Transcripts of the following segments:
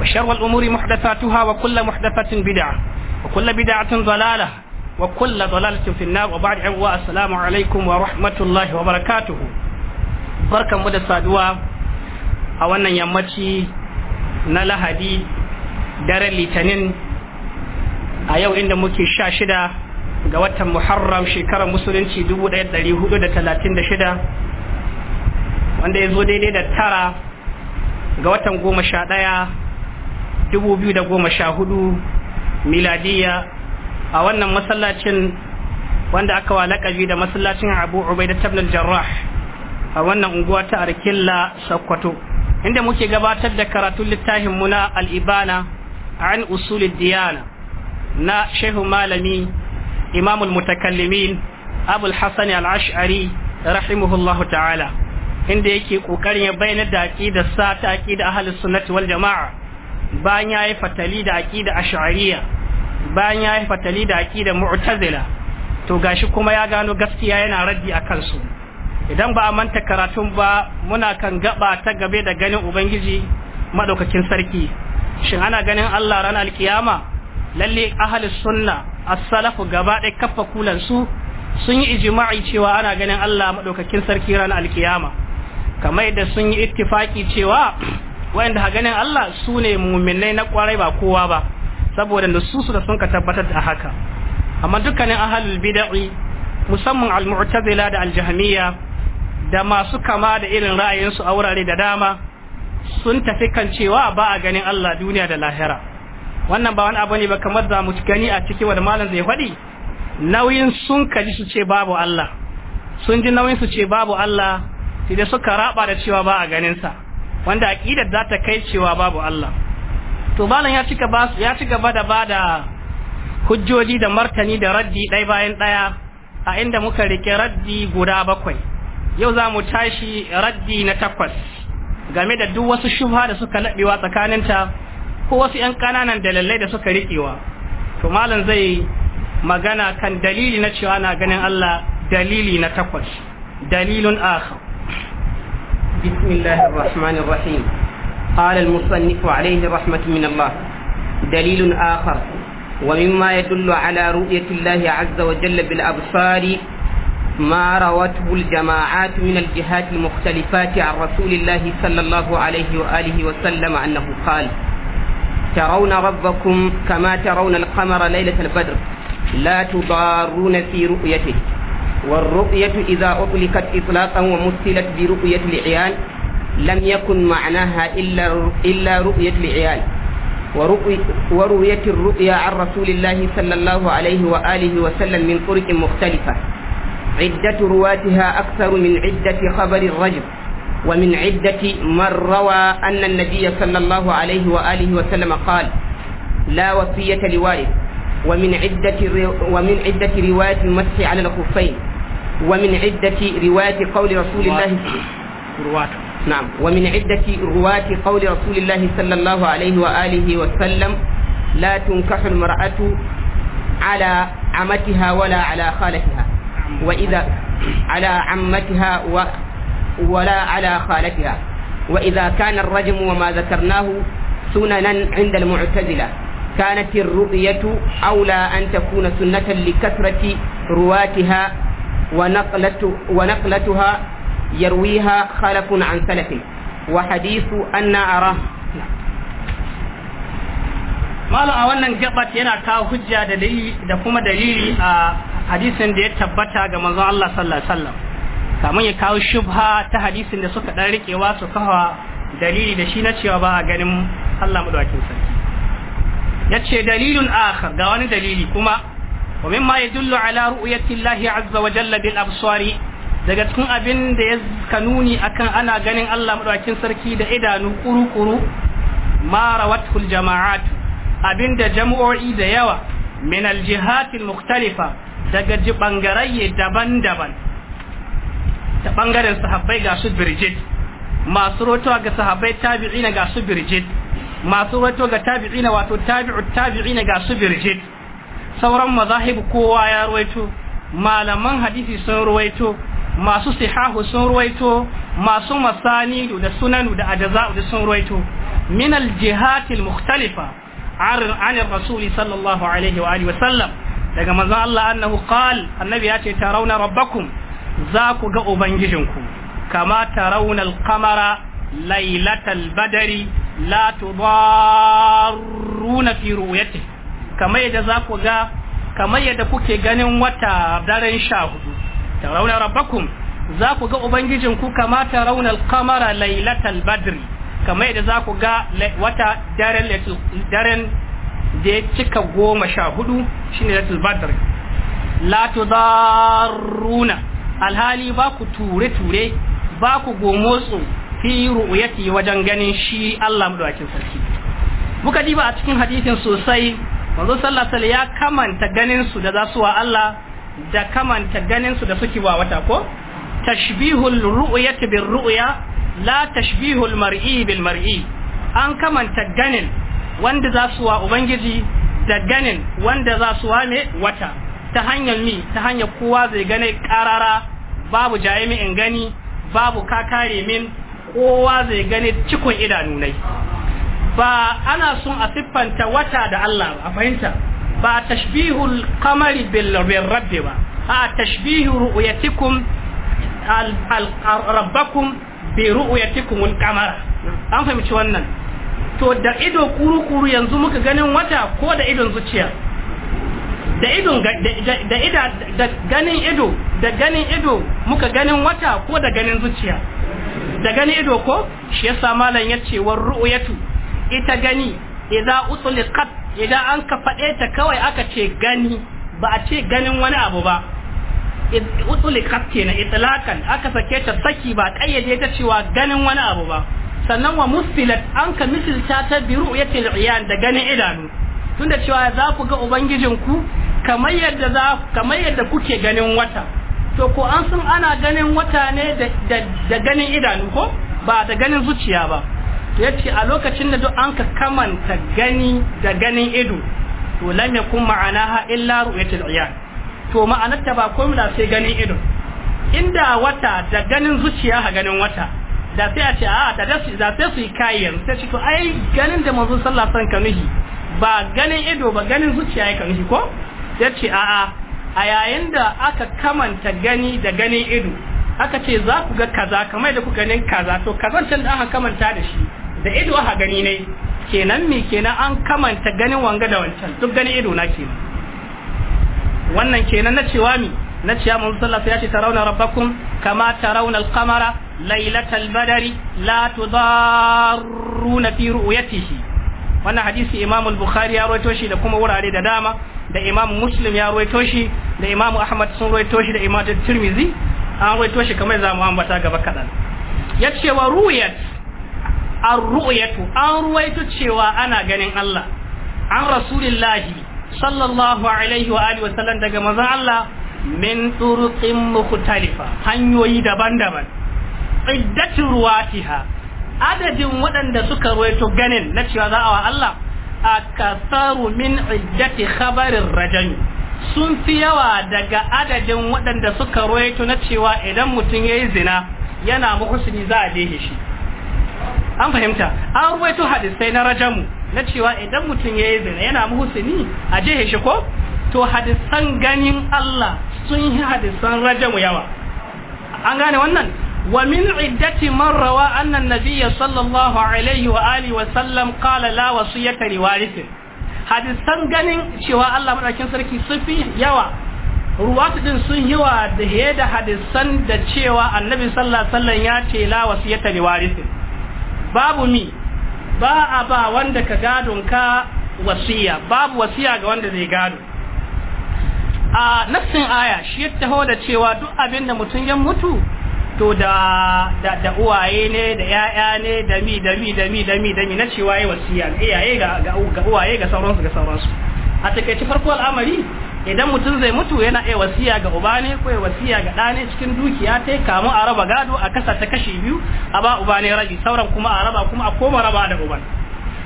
وشر الأمور محدثاتها وكل محدثة بدعة وكل بدعة ضلالة وكل ضلالة في النار وبعد عوة السلام عليكم ورحمة الله وبركاته بركة مدى سادوة أولا يمتي نالا هدي دار الليتنين أيو إن مكي شاشدة قوات محرم شكرا مسلنتي دبو دايت دالي هدو دا تلاتين دا شدة wanda ya zo daidai da tara ga watan goma sha ɗaya 2014 miladiya a wannan masallacin wanda aka wa lakabi da masallacin abu da tabnal jarrah a wannan unguwa ta arkilla sokoto inda muke gabatar da karatun littafin Muna al al'ibana an usulid diyana na shehu malami imamul mutakallimin abul hasani al'ash'ari rahimahullahu ta'ala inda yake kokarin ya bayyana da aƙidarsa ta aqida ahlus sunnati wal jama'a bayan ya yi fatali da aƙida a shari'a bayan ya yi fatali da aƙida mu'tazila to gashi kuma ya gano gaskiya yana raddi a kansu idan ba a manta karatun ba muna kan gaba ta gabe da ganin ubangiji madaukakin sarki shin ana ganin Allah ran alkiyama lalle ahli sunna as-salafu gaba ɗaya kafa kulan su sun yi ijma'i cewa ana ganin Allah madaukakin sarki ran alkiyama kamar da sun yi ittifaki cewa Wayan ha ganin Allah su ne muminai na kwarai ba kowa ba saboda da su da sun ka tabbatar da haka amma dukkanin ahalul bid'i musamman al-mu'tazila da al jahmiya da masu kama da irin ra'ayinsu a wurare da dama sun tafi kan cewa ba a ganin Allah duniya da lahira wannan ba wani abu ne ba kamar za mu gani a cikin wanda malam zai faɗi nauyin sun kaji su ce babu Allah sun ji nauyin su ce babu Allah sai suka raba da cewa ba a ganin sa wanda aqidar za ta kai cewa babu Allah to malam ya cika ba ya ci gaba da bada hujjoji da martani da raddi ɗaya bayan ɗaya a inda muka rike raddi guda bakwai yau za mu tashi raddi na takwas game da duk wasu shubha da suka tsakanin tsakaninta ko wasu 'yan ƙananan dalilai da suka riƙewa to malam zai magana kan dalili na cewa na ganin Allah dalili na takwas dalilun akhar بسم الله الرحمن الرحيم قال المصنف عليه رحمة من الله دليل آخر ومما يدل على رؤية الله عز وجل بالأبصار ما روته الجماعات من الجهات المختلفات عن رسول الله صلى الله عليه وآله وسلم أنه قال ترون ربكم كما ترون القمر ليلة البدر لا تضارون في رؤيته والرؤية إذا أطلقت إطلاقا ومثلت برؤية العيال لم يكن معناها إلا إلا العيال وروية الرؤيا عن رسول الله صلى الله عليه وآله وسلم من طرق مختلفة عدة رواتها أكثر من عدة خبر الرجل ومن عدة من روى أن النبي صلى الله عليه وآله وسلم قال لا وصية لوالد ومن عدة ومن عدة رواية المسح على الخفين ومن عدة رواة قول رسول الله نعم ومن عدة رواة قول رسول الله صلى الله عليه وآله وسلم لا تنكح المرأة على عمتها ولا على خالتها وإذا على عمتها و ولا على خالتها وإذا كان الرجم وما ذكرناه سننا عند المعتزلة كانت الرؤية أولى أن تكون سنة لكثرة رواتها ونقلته ونقلتها يرويها خلف عن سلف وحديث أن أراه mala a wannan gabat yana kawo hujja da dalili da kuma dalili a hadisin da ya tabbata ga manzon Allah sallallahu alaihi wasallam kamar ya kawo shubha ta hadisin da suka dan rikewa su kawa dalili da shi na cewa ba a ganin Allah madawakin sarki yace dalilun akhar ga wani dalili kuma wa mimma yadullu ala ru'yati Allah azza wa jalla bil absari daga cikin abin da ya kanuni akan ana ganin Allah madaukakin sarki da idanu kuru-kuru ma rawatul jama'at abin da jama'o'i da yawa min al jihatil mukhtalifa daga ji bangaraye daban-daban ta bangaren sahabbai ga su Bridget masu roto ga sahabbai tabi'ina ga su Bridget masu roto ga tabi'ina wato tabi'ut tabi'ina ga su Bridget sauran mazahibu kowa ya ruwaito malaman hadisi sun ruwaito masu sihahu sun ruwaito masu masani da sunanu da ajaza'u da sun ruwaito min aljihatil mukhtalifa an rasuli sallallahu alaihi wa alihi wa sallam daga manzon Allah annahu qal annabi ya ce tarawna rabbakum za ku ga ubangijinku kama tarawna alqamara lailatal badri la tudarruna fi ru'yatihi kamar yadda za ku ga kamar yadda kuke ganin wata daren sha hudu ta rauna rabakun za ku ga ubangijin ku kamata raunar kamara lailatal badri kamar yadda za ku ga wata daren da ya cika goma sha hudu ne lailatul badri za runa. alhali ba ku ture-ture ba ku gomotsu fi ru'uyati wajen ganin shi Allah madawakin sarki muka diba a cikin hadisin sosai manzo sallallahu alaihi ya kamanta ganin su da zasu wa Allah da kamanta ganin su da suke wa wata ko tashbihul ru'yati bir ru'ya la tashbihul mar'i bil mar'i an kamanta ganin wanda zasu wa ubangiji da ganin wanda zasu wa me wata ta hanyar mi ta hanyar kowa zai gane karara babu jami'in gani babu kakare min kowa zai gane cikon idanunai ba ana son a siffanta wata da Allah a fahimta ba a tashbihul qamari bil rabbi ba a tashbihu ru'yatikum rabbakum bi ru'yatikum al qamara an fahimci wannan to da ido kuru-kuru yanzu muka ganin wata ko da idon zuciya da idon da ida da ganin ido da ganin ido muka ganin wata ko da ganin zuciya da ganin ido ko shi yasa malam yace war ru'yatu ita gani idza utliqat idan an ka faɗe ta kawai aka ce gani ba a ce ganin wani abu ba na kenan itlaqan aka sake ta saki ba kayyade ta cewa ganin wani abu ba sannan wa musfilat an ka misilta ta bi ru'yatil iyan da ganin idanu tunda cewa za ku ga ubangijinku kamar yadda kamar yadda kuke ganin wata to ko an san ana ganin wata ne da ganin idanu ko ba da ganin zuciya ba ce a lokacin da duk an ka kamanta gani da ganin ido to lam yakun ma'anaha illa ru'yatul iyan to ma'anar ta ba komai da sai ganin ido inda wata da ganin zuciya ha ganin wata da sai a ce a da da sai su yi kayan sai ce to ai ganin da manzon sallallahu alaihi wasallam kamihi ba ganin ido ba ganin zuciya ya kamihi ko sai ce a a a yayin da aka kamanta gani da ganin ido aka ce za ku ga kaza kamar da ku ganin kaza to kazan can da aka kamanta da shi da ido aka gani ne kenan me kenan an kamanta ganin wanga da wancan duk gani ido na kenan wannan kenan na cewa mi na cewa mun sallah ya ce tarawna rabbakum kama tarawna al-qamara lailatal badri la tudarruna fi ru'yatihi wannan hadisi Imam al-Bukhari ya rawaito shi da kuma wurare da dama da Imam Muslim ya rawaito shi da Imam Ahmad sun rawaito shi da Imam Tirmidhi an rawaito shi kamar zamu ambata gaba kadan yace wa ru'yat an ruyatu an ruwaito cewa ana ganin Allah an rasulillahi sallallahu alaihi wa alihi wa sallam daga manzon Allah min turuqin mukhtalifa hanyoyi daban-daban iddatu ruwatiha adadin waɗanda suka ruwaito ganin na cewa za a wa Allah akasaru min iddati khabarin rajani, sun fi yawa daga adadin waɗanda suka ruwaito na cewa idan mutum ya yi zina yana muhusini za a dehe shi an fahimta an ruwaito hadisai na rajamu na cewa idan mutum ya yi zina yana muhusini a ji shi ko to hadisan ganin Allah sun yi hadisan rajamu yawa an gane wannan wa min iddati man rawa sallallahu alaihi wa alihi wa sallam qala la wasiyata li warithin hadisan ganin cewa Allah sarki sun fi yawa ruwatu din sun yi da da hadisan da cewa annabi sallallahu alaihi wa sallam ya ce la wasiyata li warithin babu mi ba a ba wanda ka gadon ka wasiya babu wasiya ga wanda zai gado a nassin aya shi ya taho da cewa duk abin da mutum ya mutu to da da uwaye ne da yaya ne da mi da mi da mi da mi da mi na cewa yayi wasiya iyaye ga uwaye ga sauransu ga sauransu a takaice farko al'amari idan mutum zai mutu yana iya wasiya ga uba ne ko ya wasiya ga ɗane cikin dukiya ta yi kamu a raba gado a kasa ta kashe biyu a ba uba ne sauran kuma a raba kuma a koma raba da uban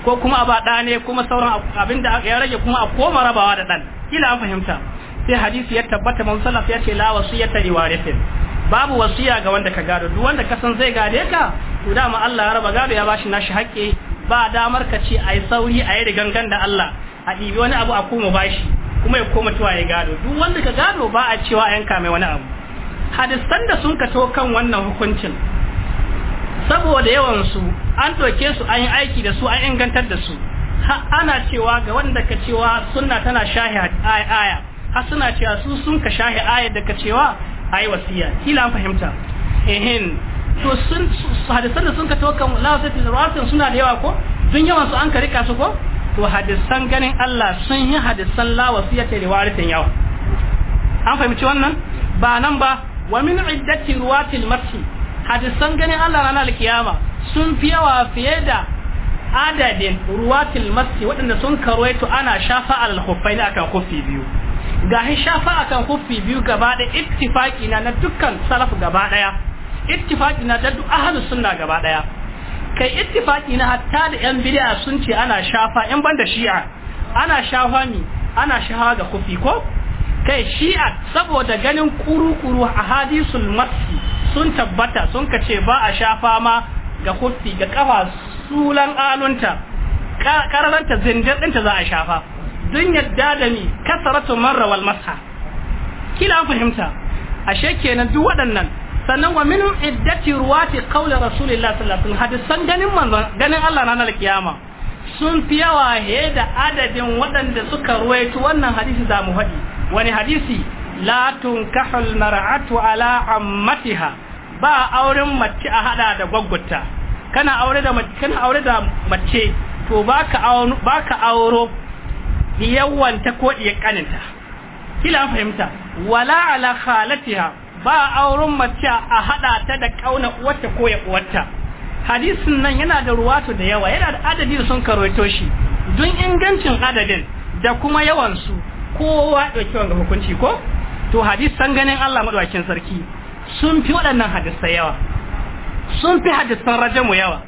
ko kuma a ba ɗane kuma sauran abin ya rage kuma a koma rabawa da ɗan kila an fahimta sai hadisi ya tabbata man salaf ya ce la wasiyata li warithin babu wasiya ga wanda ka gado duk wanda ka san zai gade ka to dama Allah ya raba gado ya bashi nashi haƙƙi ba damar ka ce ai sauri ai rigangan da Allah a ɗibi wani abu a koma bashi kuma ya koma cewa ya gado duk wanda ka gado ba a cewa a yanka mai wani abu hadisan da sun kato kan wannan hukuncin saboda yawan su an doke su an yi aiki da su an ingantar da su Ha ana cewa ga wanda ka cewa sunna tana shahi aya har suna cewa su sun ka shahi aya da ka cewa ayi wasiya kila an fahimta ehin to sun hadisan da sun kato kan lafiyar suna da yawa ko sun yawan su an ka rika su ko to hadisan ganin Allah sun yi hadisan la wasiyata da warithin yawa an fahimci wannan ba nan ba wa min iddati ruwatil mati hadisan ganin Allah ranar alkiyama sun fi yawa fiye da adadin ruwatil mati waɗanda sun karwaito ana shafa al khuffai akan khuffi biyu gahi shafa akan kufi biyu gaba da ittifaki na na dukkan salaf gaba daya ittifaki na da duk ahlus sunna gaba daya kai ittifaki na hatta da yan bid'a sun ce ana shafa yan banda shi'a ana shafa mi ana shafa ga kufi ko kai shi'a saboda ganin kuru-kuru a hadisul masi sun tabbata sun kace ba a shafa ma ga kufi ga kafa sulan alunta kararanta zinjar dinta za a shafa dun yadda da ni kasaratu marra wal masha kila fahimta ashe kenan duk waɗannan sannan wa min iddati ruwati qawli rasulillahi sallallahu alaihi wasallam hadisan ganin ganin Allah ranar kiyama sun fi yawa he da adadin waɗanda suka ruwaito wannan hadisi za mu haɗi wani hadisi la mar'atu ala ammatiha ba auren mace a hada da gwaggwata kana aure da mace kana aure da mace to baka baka auro ko iya kaninta kila fahimta wala ala khalatiha ba auren mace a hada ta da kauna uwarta ko ya uwarta hadisin nan yana da ruwatu da yawa yana da adadi da sun karoito shi don ingancin adadin da kuma yawan su kowa dauki hukunci ko to hadisan ganin Allah madaukakin sarki sun fi waɗannan hadisai yawa sun fi hadisan rajamu yawa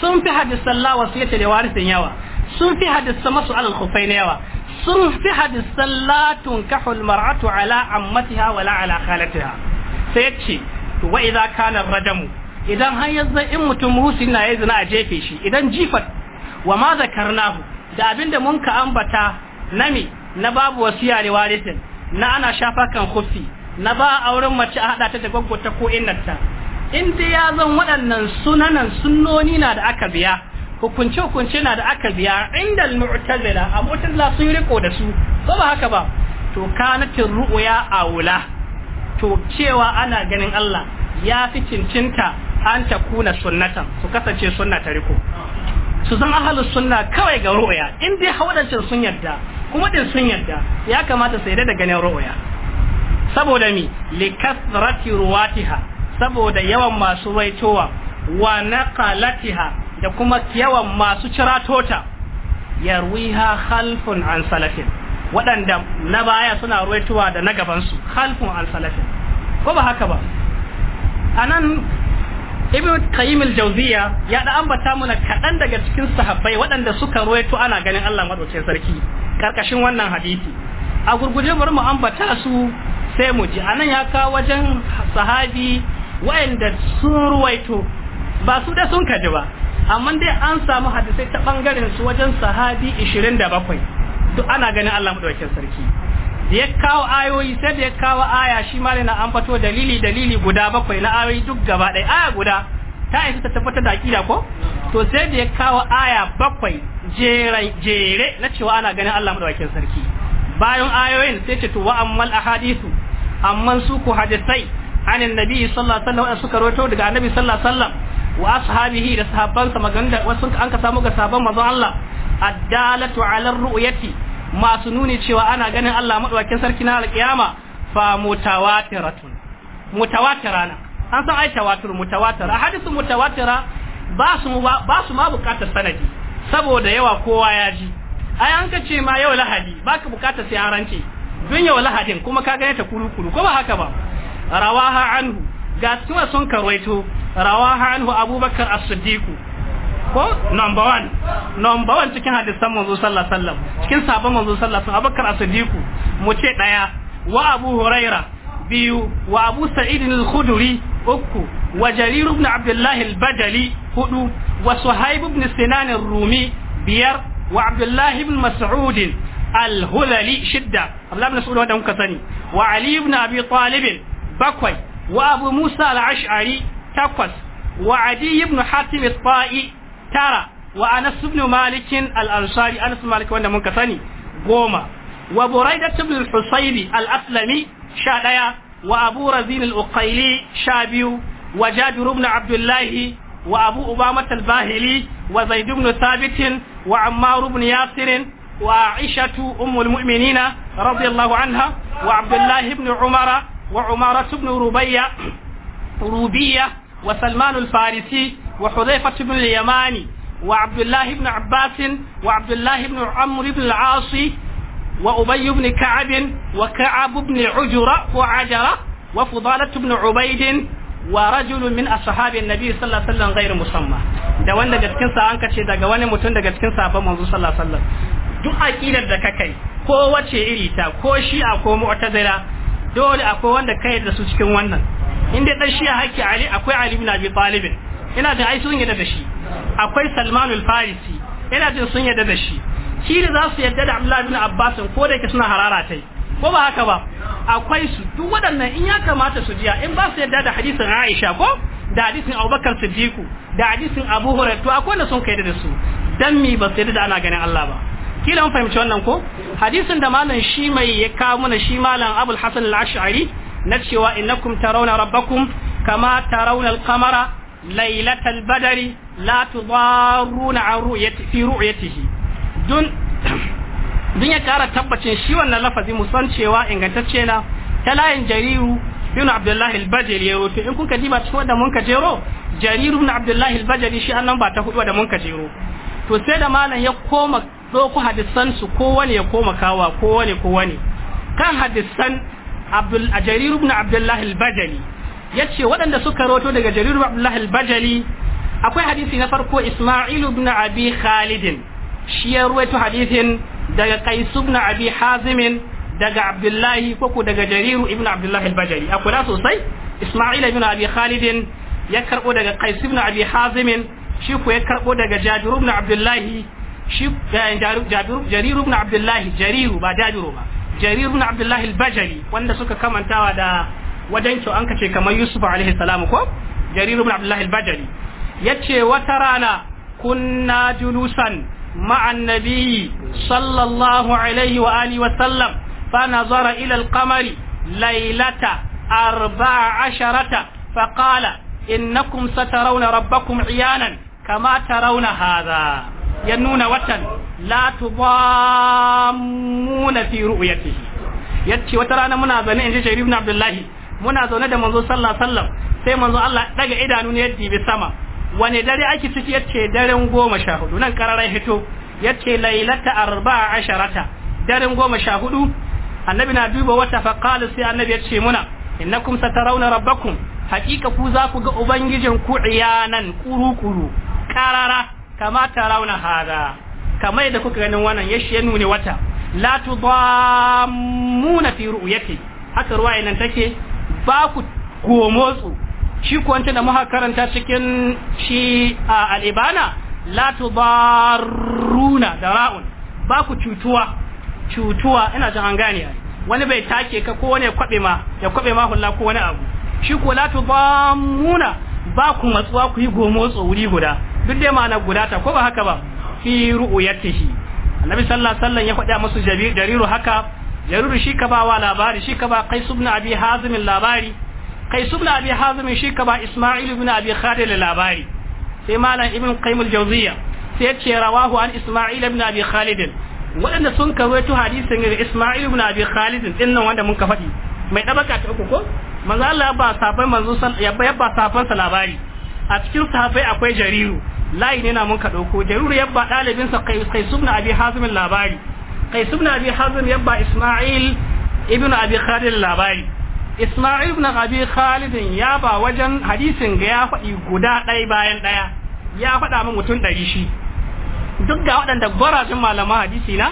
sun fi hadisan lawa su yace da warisin yawa sun fi hadisan masu alal khufai na yawa sun fi hadisan la tunkahul mar'atu ala ammatiha wala ala khalatiha sai ya ce wa idza kana radamu idan har yanzu in mutum rusi na yi zina a jefe shi idan jifat wa ma zakarnahu da abinda mun ka ambata nami na babu wasiya ne warisin na ana shafa kan kufi na ba auren mace a hada ta da gwaggwata ko innata in dai ya zan waɗannan sunanan sunnoni na da aka biya hukunce hukunce na da aka biya inda mu'tazila mutazila abutalla sun riko da su ba haka ba to kanatin ru'ya aula to cewa ana ganin Allah ya fi cincinta an ta kuna sunnatan su kasance sunna ta riko su zan ahalin sunna kawai ga ru'ya in dai haudancin sun yarda kuma din sun yarda ya kamata sai da ganin ru'ya saboda mi likathrati ruwatiha saboda yawan masu raitowa wa naqalatiha da kuma yawan masu ciratota yarwiha khalfun an salafin waɗanda na baya suna ruwaituwa da na gabansu halfun an salafin ko ba haka ba a nan ibn qayyim al-jawziya ya da ambata mana kaɗan daga cikin sahabbai waɗanda suka ruwaito ana ganin Allah madaukakin sarki karkashin wannan hadisi a gurguje bari mu ambata su sai mu ji anan ya kawo wajen sahabi waɗanda sun ruwaito ba su da sun kaji ba amma dai an samu hadisai ta bangaren su wajen sahabi 27 to ana ganin Allah madaukakin sarki da ya kawo ayoyi sai da ya kawo aya shi ma na an fato dalili dalili guda bakwai na ayoyi duk gaba ɗaya aya guda ta isa ta tabbatar da akida ko to sai da ya kawo aya bakwai jere jere na cewa ana ganin Allah madaukakin sarki bayan ayoyin sai ce to wa ammal ahadithu amman su ku hadisai anin nabi sallallahu alaihi wasallam suka rawaito daga annabi sallallahu alaihi wasallam wa ashabihi da sa maganda wasu an ka samu ga sahabban manzo Allah addalatu ala ru'yati masu nuni cewa ana ganin Allah madaukakin sarki na alƙiyama fa mutawatiratun mutawatira na an san ai tawatur mutawatira hadisu mutawatira ba su ma bukatar sanadi saboda yawa kowa ya ji ai an ka ce ma yau lahadi baka bukatar sai an rance dun yau lahadin kuma ka gane ta kurukuru ko ba haka ba rawaha anhu ga sun karwaito rawaha anhu abubakar as-siddiq ko number one number one cikin hadisan manzo sallallahu alaihi wasallam cikin sahabban manzo sallallahu alaihi wasallam Abubakar As-Siddiq mu ce daya wa Abu Huraira biyu wa Abu Sa'id Al-Khudri uku wa Jarir ibn Abdullah Al-Badali hudu wa Suhaib ibn Sinan Ar-Rumi biyar wa Abdullah ibn Mas'ud Al-Hulali shidda Abdullah ibn Mas'ud wanda muka sani wa Ali ibn Abi Talib bakwai wa Abu Musa Al-Ash'ari takwas wa Adi ibn Hatim tara wa anas ibn malik al-ansari anas malik wanda mun ka sani goma wa buraida ibn al-husayb al-aslami sha daya wa abu razin al-uqayli sha biyu wa jabir ibn abdullah wa abu umama al-bahili wa zaid ibn thabit wa ammar ibn yasir wa aisha ummu al-mu'minin radiyallahu anha wa abdullah ibn umara wa umara ibn rubayya rubiyya wa Salman farisi wa Hudhayfa ibn al-Yamani wa Abdullah ibn Abbas wa Abdullah ibn Amr ibn al wa Ubay ibn Ka'ab wa Ka'ab ibn Ujra wa Ajara wa Fudalah ibn Ubayd wa ashabin nabi sallallahu da wanda daga cikin sa an kace daga wani mutum daga cikin sahabban manzo sallallahu alaihi wasallam duk aqidar da ka kai ko wace iri ta ko shi'a ko mu'tazila dole akwai wanda ka yarda su cikin wannan in dai dan shi'a hakki ali akwai ali ibn abi talib ina jin ai sun yarda da shi akwai salman al farisi ina jin sun yarda da shi shi da za su yarda da abdullahi ibn abbas ko da yake suna harara tai ko ba haka ba akwai su duk waɗannan in ya kamata su jiya in ba su yarda da hadisin aisha ko da hadisin abubakar siddiqu da hadisin abu hurairah to akwai da sun kai da su dan mi ba su yarda da ana ganin Allah ba kila mun fahimci wannan ko hadisin da malam shi mai ya kawo mana shi malam abul hasan al-ash'ari na cewa innakum tarawna rabbakum kama tarawna al-qamara al badari la tudarruna an ru'yati fi ru'yatihi dun dun ya kara tabbacin shi wannan lafazi musan cewa ingantacce na ta layin jariru ibn abdullah al-bajali ya rufe in kuka diba cikin wanda mun ka jero jariru ibn abdullah al-bajali shi annan ba ta hudu da mun ka jero to sai da malam ya koma ɗauko hadisan su kowane ya koma kawa kowane kowane kan hadisan abdul Jariru na Abdullahi al ya ce waɗanda suka roto daga Jariru Abdullahi abdullah akwai hadisi na farko isma'il ibn abi khalid shi ya ruwaito hadisin daga qais na abi Hazimin daga abdullah koko daga Jariru ibn Abdullahi al-bajali akwai sosai isma'il ibn abi Khalidin ya karbo daga qais na abi Hazimin shi ko ya karbo daga Jajiru ibn abdullah Eh, jariru ibn abdullahi jariru ba jajiru ba jariru ibn abdullahi al wanda suka kamantawa da wajen kyau an kace kamar yusuf alaihi salamu ko jariru ibn abdullahi al-bajali yace wata rana kunna julusan ma'an nabiyyi sallallahu alaihi wa alihi wa sallam fa nazara ila al laylata arba'a asharata fa qala innakum satarawna rabbakum iyanan kama rauna haza ya nuna watan la tudammuna fi ya ce wata rana muna zane in Sharif ibn Abdullahi muna zaune da manzo sallallahu alaihi sai manzo Allah daga idanu ne yaddi bi sama Wani dare ake ciki ce daren goma sha hudu nan kararai hito ce lailata arba'a asharata daren goma sha hudu annabi na duba wata fa sai annabi yace muna innakum satarawna rabbakum hakika ku za ku ga ubangijin ku iyanan kuru kuru karara kama tarawna hada kama yadda kuka ganin wannan yashi ya nune wata la tudammuna fi ru'yati haka ruwaya nan take ba ku gomotsu shi ko da muka karanta cikin shi al-ibana la tudarruna da ra'un ba ku cutuwa cutuwa ina jin an gane wani bai take ka ko wani ya kwabe ma ya kwabe ma hulla ko wani abu shi ko la tudammuna ba ku matsuwa ku yi gomotsu wuri guda duk dai guda ta ko ba haka ba fi ru'yatihi annabi sallallahu alaihi wasallam ya faɗa musu jariru haka jariru shi ka ba wa labari shi ka ba qais ibn abi hazim labari qais ibn abi hazim shi ka ba isma'il ibn abi khalid labari sai malam ibn qayyim al-jawziyya sai ya ce rawahu an isma'il ibn abi khalid waɗanda sun karwaito hadisin daga Ismail ibn Abi Khalid din nan wanda ka faɗi mai dabaka ta uku ko manzo Allah ba safan manzo ya ba safan sa labari a cikin sahabbai akwai jariru layi ne na mun ka dauko jariru yabba dalibinsa qais ibn abi hazim labari qais ibn abi hazim yabba isma'il ibn abi khalid labari isma'il ibn abi khalid ya ba wajen hadisin ga ya faɗi guda ɗaya bayan ɗaya ya faɗa min mutum ɗari shi duk ga waɗanda gwarajin malama hadisi na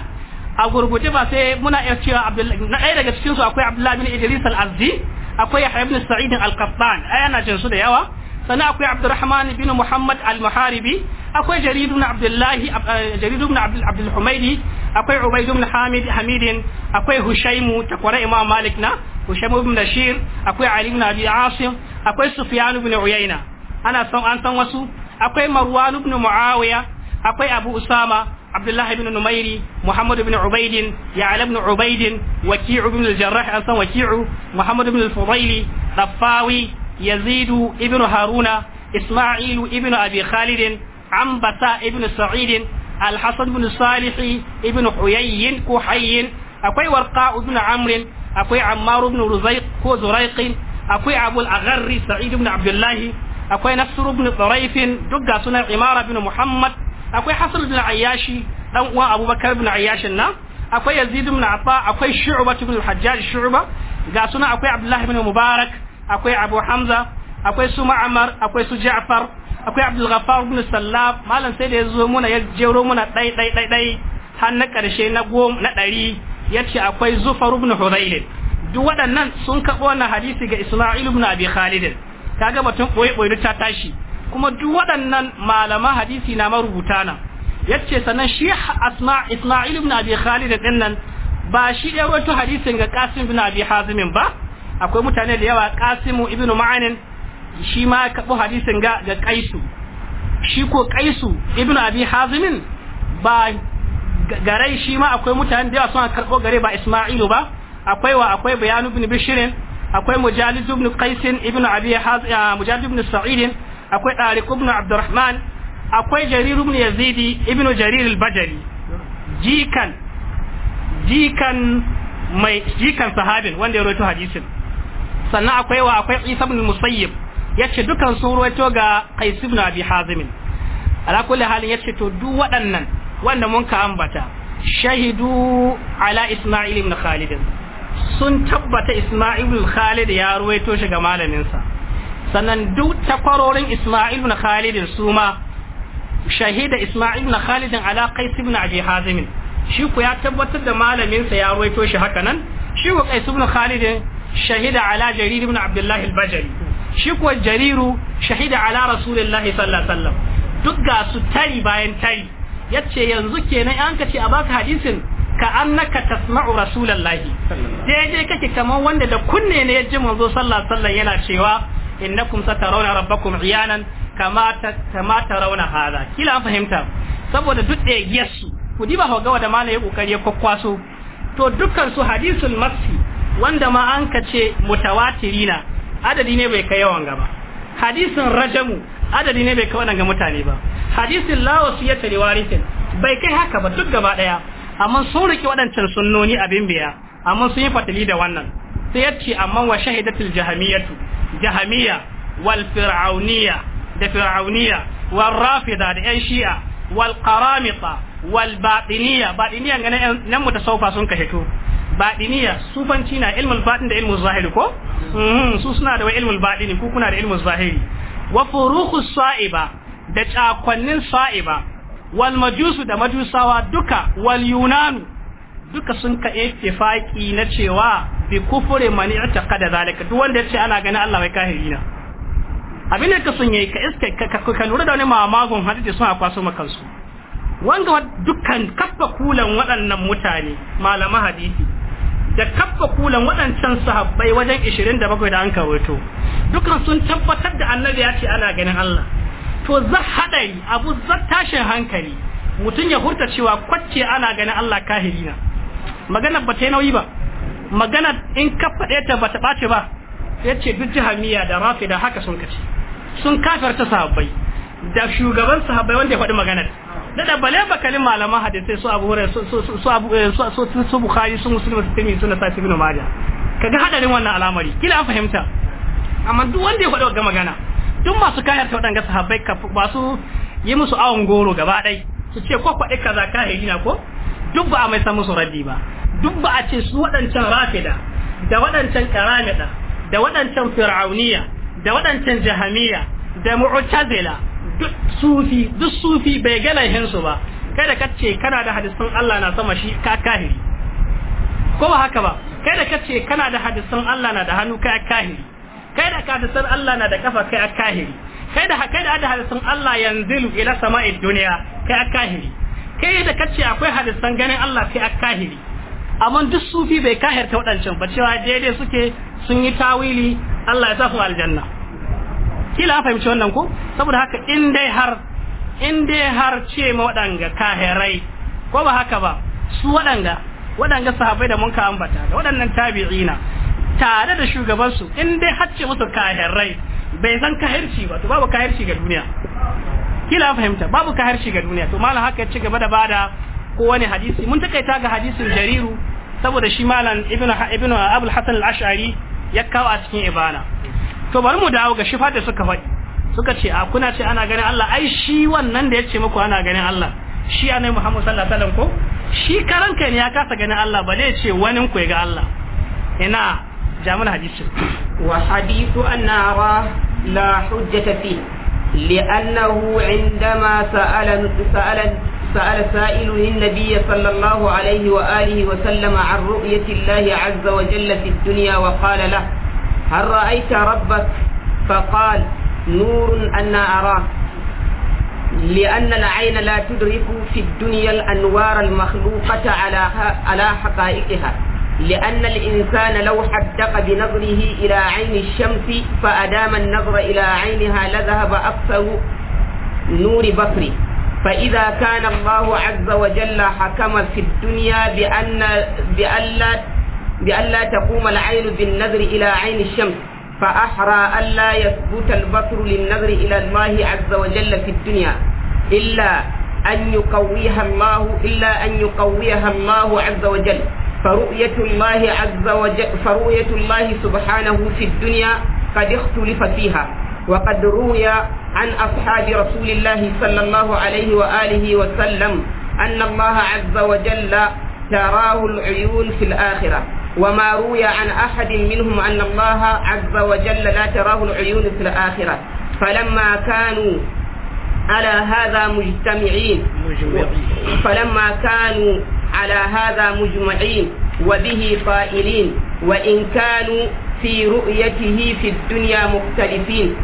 a gurguje ba sai muna iya cewa na ɗaya daga cikinsu akwai abdullahi bin idris al-azdi akwai yahya ibn sa'id al-qattan ayana ana jin su da yawa sannan akwai abdurrahman bin muhammad al-muharibi akwai jarir abdullahi eh, jarir ibn abdul akwai ubayd hamid hamidin akwai hushaimu takwara imam malik na hushaimu ibn bashir akwai ali ibn abi asim akwai sufyan bin uyaina ana son an san wasu akwai marwan bin muawiya akwai abu usama abdullahi bin numairi muhammad bin ubaidin ya'la bin ubaidin waki'u bin al-jarrah an san waki'u muhammad bin al-fudaili yazidu ibn haruna isma'ilu ibn abi khalid an basa ibn sa'id al-hasan ibn salih ibn huyayyin ko hayyin akwai warqa ibn amr akwai ammar ibn ruzaiq ko zuraiq akwai abu al sa'id ibn abdullah akwai nasr ibn tarayf duk ga sunan imara ibn muhammad akwai hasan ibn ayyashi dan uwan abubakar ibn ayyashin nan akwai yazid ibn afa akwai shu'ba ibn al-hajjaj shu'ba ga sunan akwai abdullah ibn mubarak akwai abu hamza akwai su ma'amar akwai su ja'far akwai abdul ghaffar ibn sallab malam sai da ya zo muna ya jero muna dai dai dai dai har na karshe na gom na dari yace akwai zufar ibn hudayl duk waɗannan sun karɓo wannan hadisi ga isma'il ibn abi khalid kaga batun boye boye ta tashi kuma duk waɗannan malama hadisi na marubuta nan yace sannan shi asma isma'il ibn abi khalid din ba shi da wato hadisin ga qasim ibn abi hazim ba akwai mutane da yawa kasimu ibnu ma'anin shi ma kabo hadisin ga ga kaisu shi ko kaisu ibnu abi hazimin ba garai shi ma akwai mutane da yawa suna karbo gare ba isma'ilu ba akwai wa akwai bayanu ibn bishirin akwai mujalid ibn qaisin ibn abi hazim mujalid ibn sa'id akwai tariq ibn abdurrahman akwai jarir ibn yazidi ibn jarir al-bajali jikan jikan mai jikan sahabin wanda ya rawaito hadisin sannan akwai wa akwai Isa ibn Musayyib yace dukan su ruwaito ga Qais ibn Abi Hazim ala kulli halin ce to duk waɗannan wanda mun ka ambata shahidu ala Isma'il ibn Khalid sun tabbata Isma'il ibn Khalid ya ruwaito shi ga malaminsa. sannan duk takwarorin Isma'il ibn Khalid su ma shahida Isma'il ibn Khalid ala Qais ibn Abi Hazim shi ku ya tabbatar da malaminsa ya ruwaito shi haka nan shi ku Qais ibn Khalid shahida ala jarir ibn abdullah shi kuwa jariru shahida ala rasulillahi sallallahu alaihi duk ga su tari bayan tari yace yanzu kenan an ka ce a baka hadisin ka annaka tasma'u rasulallahi daidai kake kamar wanda da kunne ne ya ji manzo sallallahu alaihi wasallam yana cewa innakum satarawna rabbakum iyanan kama kama tarawna hada kila an fahimta saboda duk da yesu ku diba hoga da malai ya kokari ya kwakwaso to dukkan su hadisul masi wanda ma an ka ce mutawatirina adadi ne bai kai yawan gaba hadisin rajamu adadi ne bai kai wannan mutane ba hadisin lawasi ya tare warisin bai kai haka ba duk gaba daya amma sun rike waɗancan sunnoni abin biya amma sun yi fatali da wannan sai ya ce amma wa shahidatul jahamiyatu jahamiya wal fir'auniya da fir'auniya wal rafida da yan shi'a wal qaramita wal batiniya batiniya ga nan mu mutasawfa sun kashe to batiniya sufanci na ilmul batin da ilmul zahiri ko mm su suna da ilmul batini ku kuna da ilmul zahiri wa furuqu sa'iba da cakwannin sa'iba wal majusu da majusawa duka wal yunanu duka sun ka ittifaqi na cewa bi kufri man i'taqada zalika duk wanda yace ana ganin Allah mai kahiri na abin da ka sun yayi ka iska ka lura da wani mamagun hadisi sun akwaso makansu wanga dukkan kafa kulan waɗannan mutane malaman hadisi da kafa kulan waɗancan sahabbai wajen 27 da an kawato dukkan sun tabbatar da annabi ya ce ana ganin Allah to za haɗari abu za tashin hankali mutum ya hurta cewa kwacce ana ganin Allah kahiri na magana ba ta nauyi ba magana in ka faɗe ta ba ta ɓace ba ya ce duk jihamiya da rafi da haka sun kace sun kafarta sahabbai da shugaban sahabbai wanda ya faɗi maganar dada bale bakalin malaman hadisai su abu hurairah su abu su su bukari eh, su bukhari su muslim su tirmidhi kaga hadarin wannan al'amari kila an fahimta amma duk wanda ya faɗo ga magana duk masu kayar ta waɗanga sahabbai ka masu yi musu awon goro gaba ɗai su ce ko faɗi kaza ka na ko duk ba a mai samu su raddi ba duk ba a ce su waɗancan rafida da waɗancan karamida da waɗancan fir'auniya da waɗancan jahamiya da mu'tazila duk sufi duk sufi bai ga hinsu ba kai da kace kana da hadisin Allah na sama shi ka kahiri ko ba haka ba kai da kace kana da hadisin Allah na da hannu kai kahiri kai da hadisan Allah na da kafa kai kahiri kai da kai da hadisin Allah yanzilu ila sama'i dunya kai kahiri kai da kace akwai hadisin ganin Allah kai kahiri amma duk sufi bai kahirta waɗancan ba cewa daidai suke sun yi tawili Allah ya sa aljanna kila an fahimci wannan ko saboda haka in dai har in dai har ce ma waɗanga kahirai ko ba haka ba su waɗanga waɗanga sahabbai da mun ka ambata da waɗannan tabi'ina tare da shugabansu in dai har ce musu kahirai bai san kahirci ba to babu kahirci ga duniya kila fahimta babu kahirci ga duniya to malam haka ya ci gaba da bada ko wani hadisi mun takaita ga hadisin jariru saboda shi malam ibnu ibnu abul hasan al-ash'ari ya kawo a cikin ibana to bari mu dawo ga shifa da suka faɗi suka ce a kuna ce ana ganin Allah ai shi wannan da ya ce muku ana ganin Allah shi annabi Muhammad sallallahu alaihi wasallam ko shi karan kai ne ya kasa ganin Allah ba ne ce wani ku ga Allah ina jami'an hadisi wa hadithu anna ra la hujjata fi لأنه عندما سأل سأل سأل سائل النبي صلى الله عليه وآله وسلم عن رؤية الله عز وجل في الدنيا وقال له هل رأيت ربك فقال نور أنا أراه لأن العين لا تدرك في الدنيا الأنوار المخلوقة على على حقائقها لأن الإنسان لو حدق بنظره إلى عين الشمس فأدام النظر إلى عينها لذهب أكثر نور بصره فإذا كان الله عز وجل حكم في الدنيا بأن بأن لا بألا تقوم العين بالنظر إلى عين الشمس فأحرى ألا يثبت البصر للنظر إلى الله عز وجل في الدنيا إلا أن يقويها الله إلا أن يقويها الله عز وجل فرؤية الله عز وجل فرؤية الله سبحانه في الدنيا قد اختلف فيها وقد روي عن أصحاب رسول الله صلى الله عليه وآله وسلم أن الله عز وجل تراه العيون في الآخرة وما روي عن أحد منهم أن الله عز وجل لا تراه العيون في الآخرة فلما كانوا على هذا مجتمعين فلما كانوا على هذا مجمعين وبه قائلين وإن كانوا في رؤيته في الدنيا مختلفين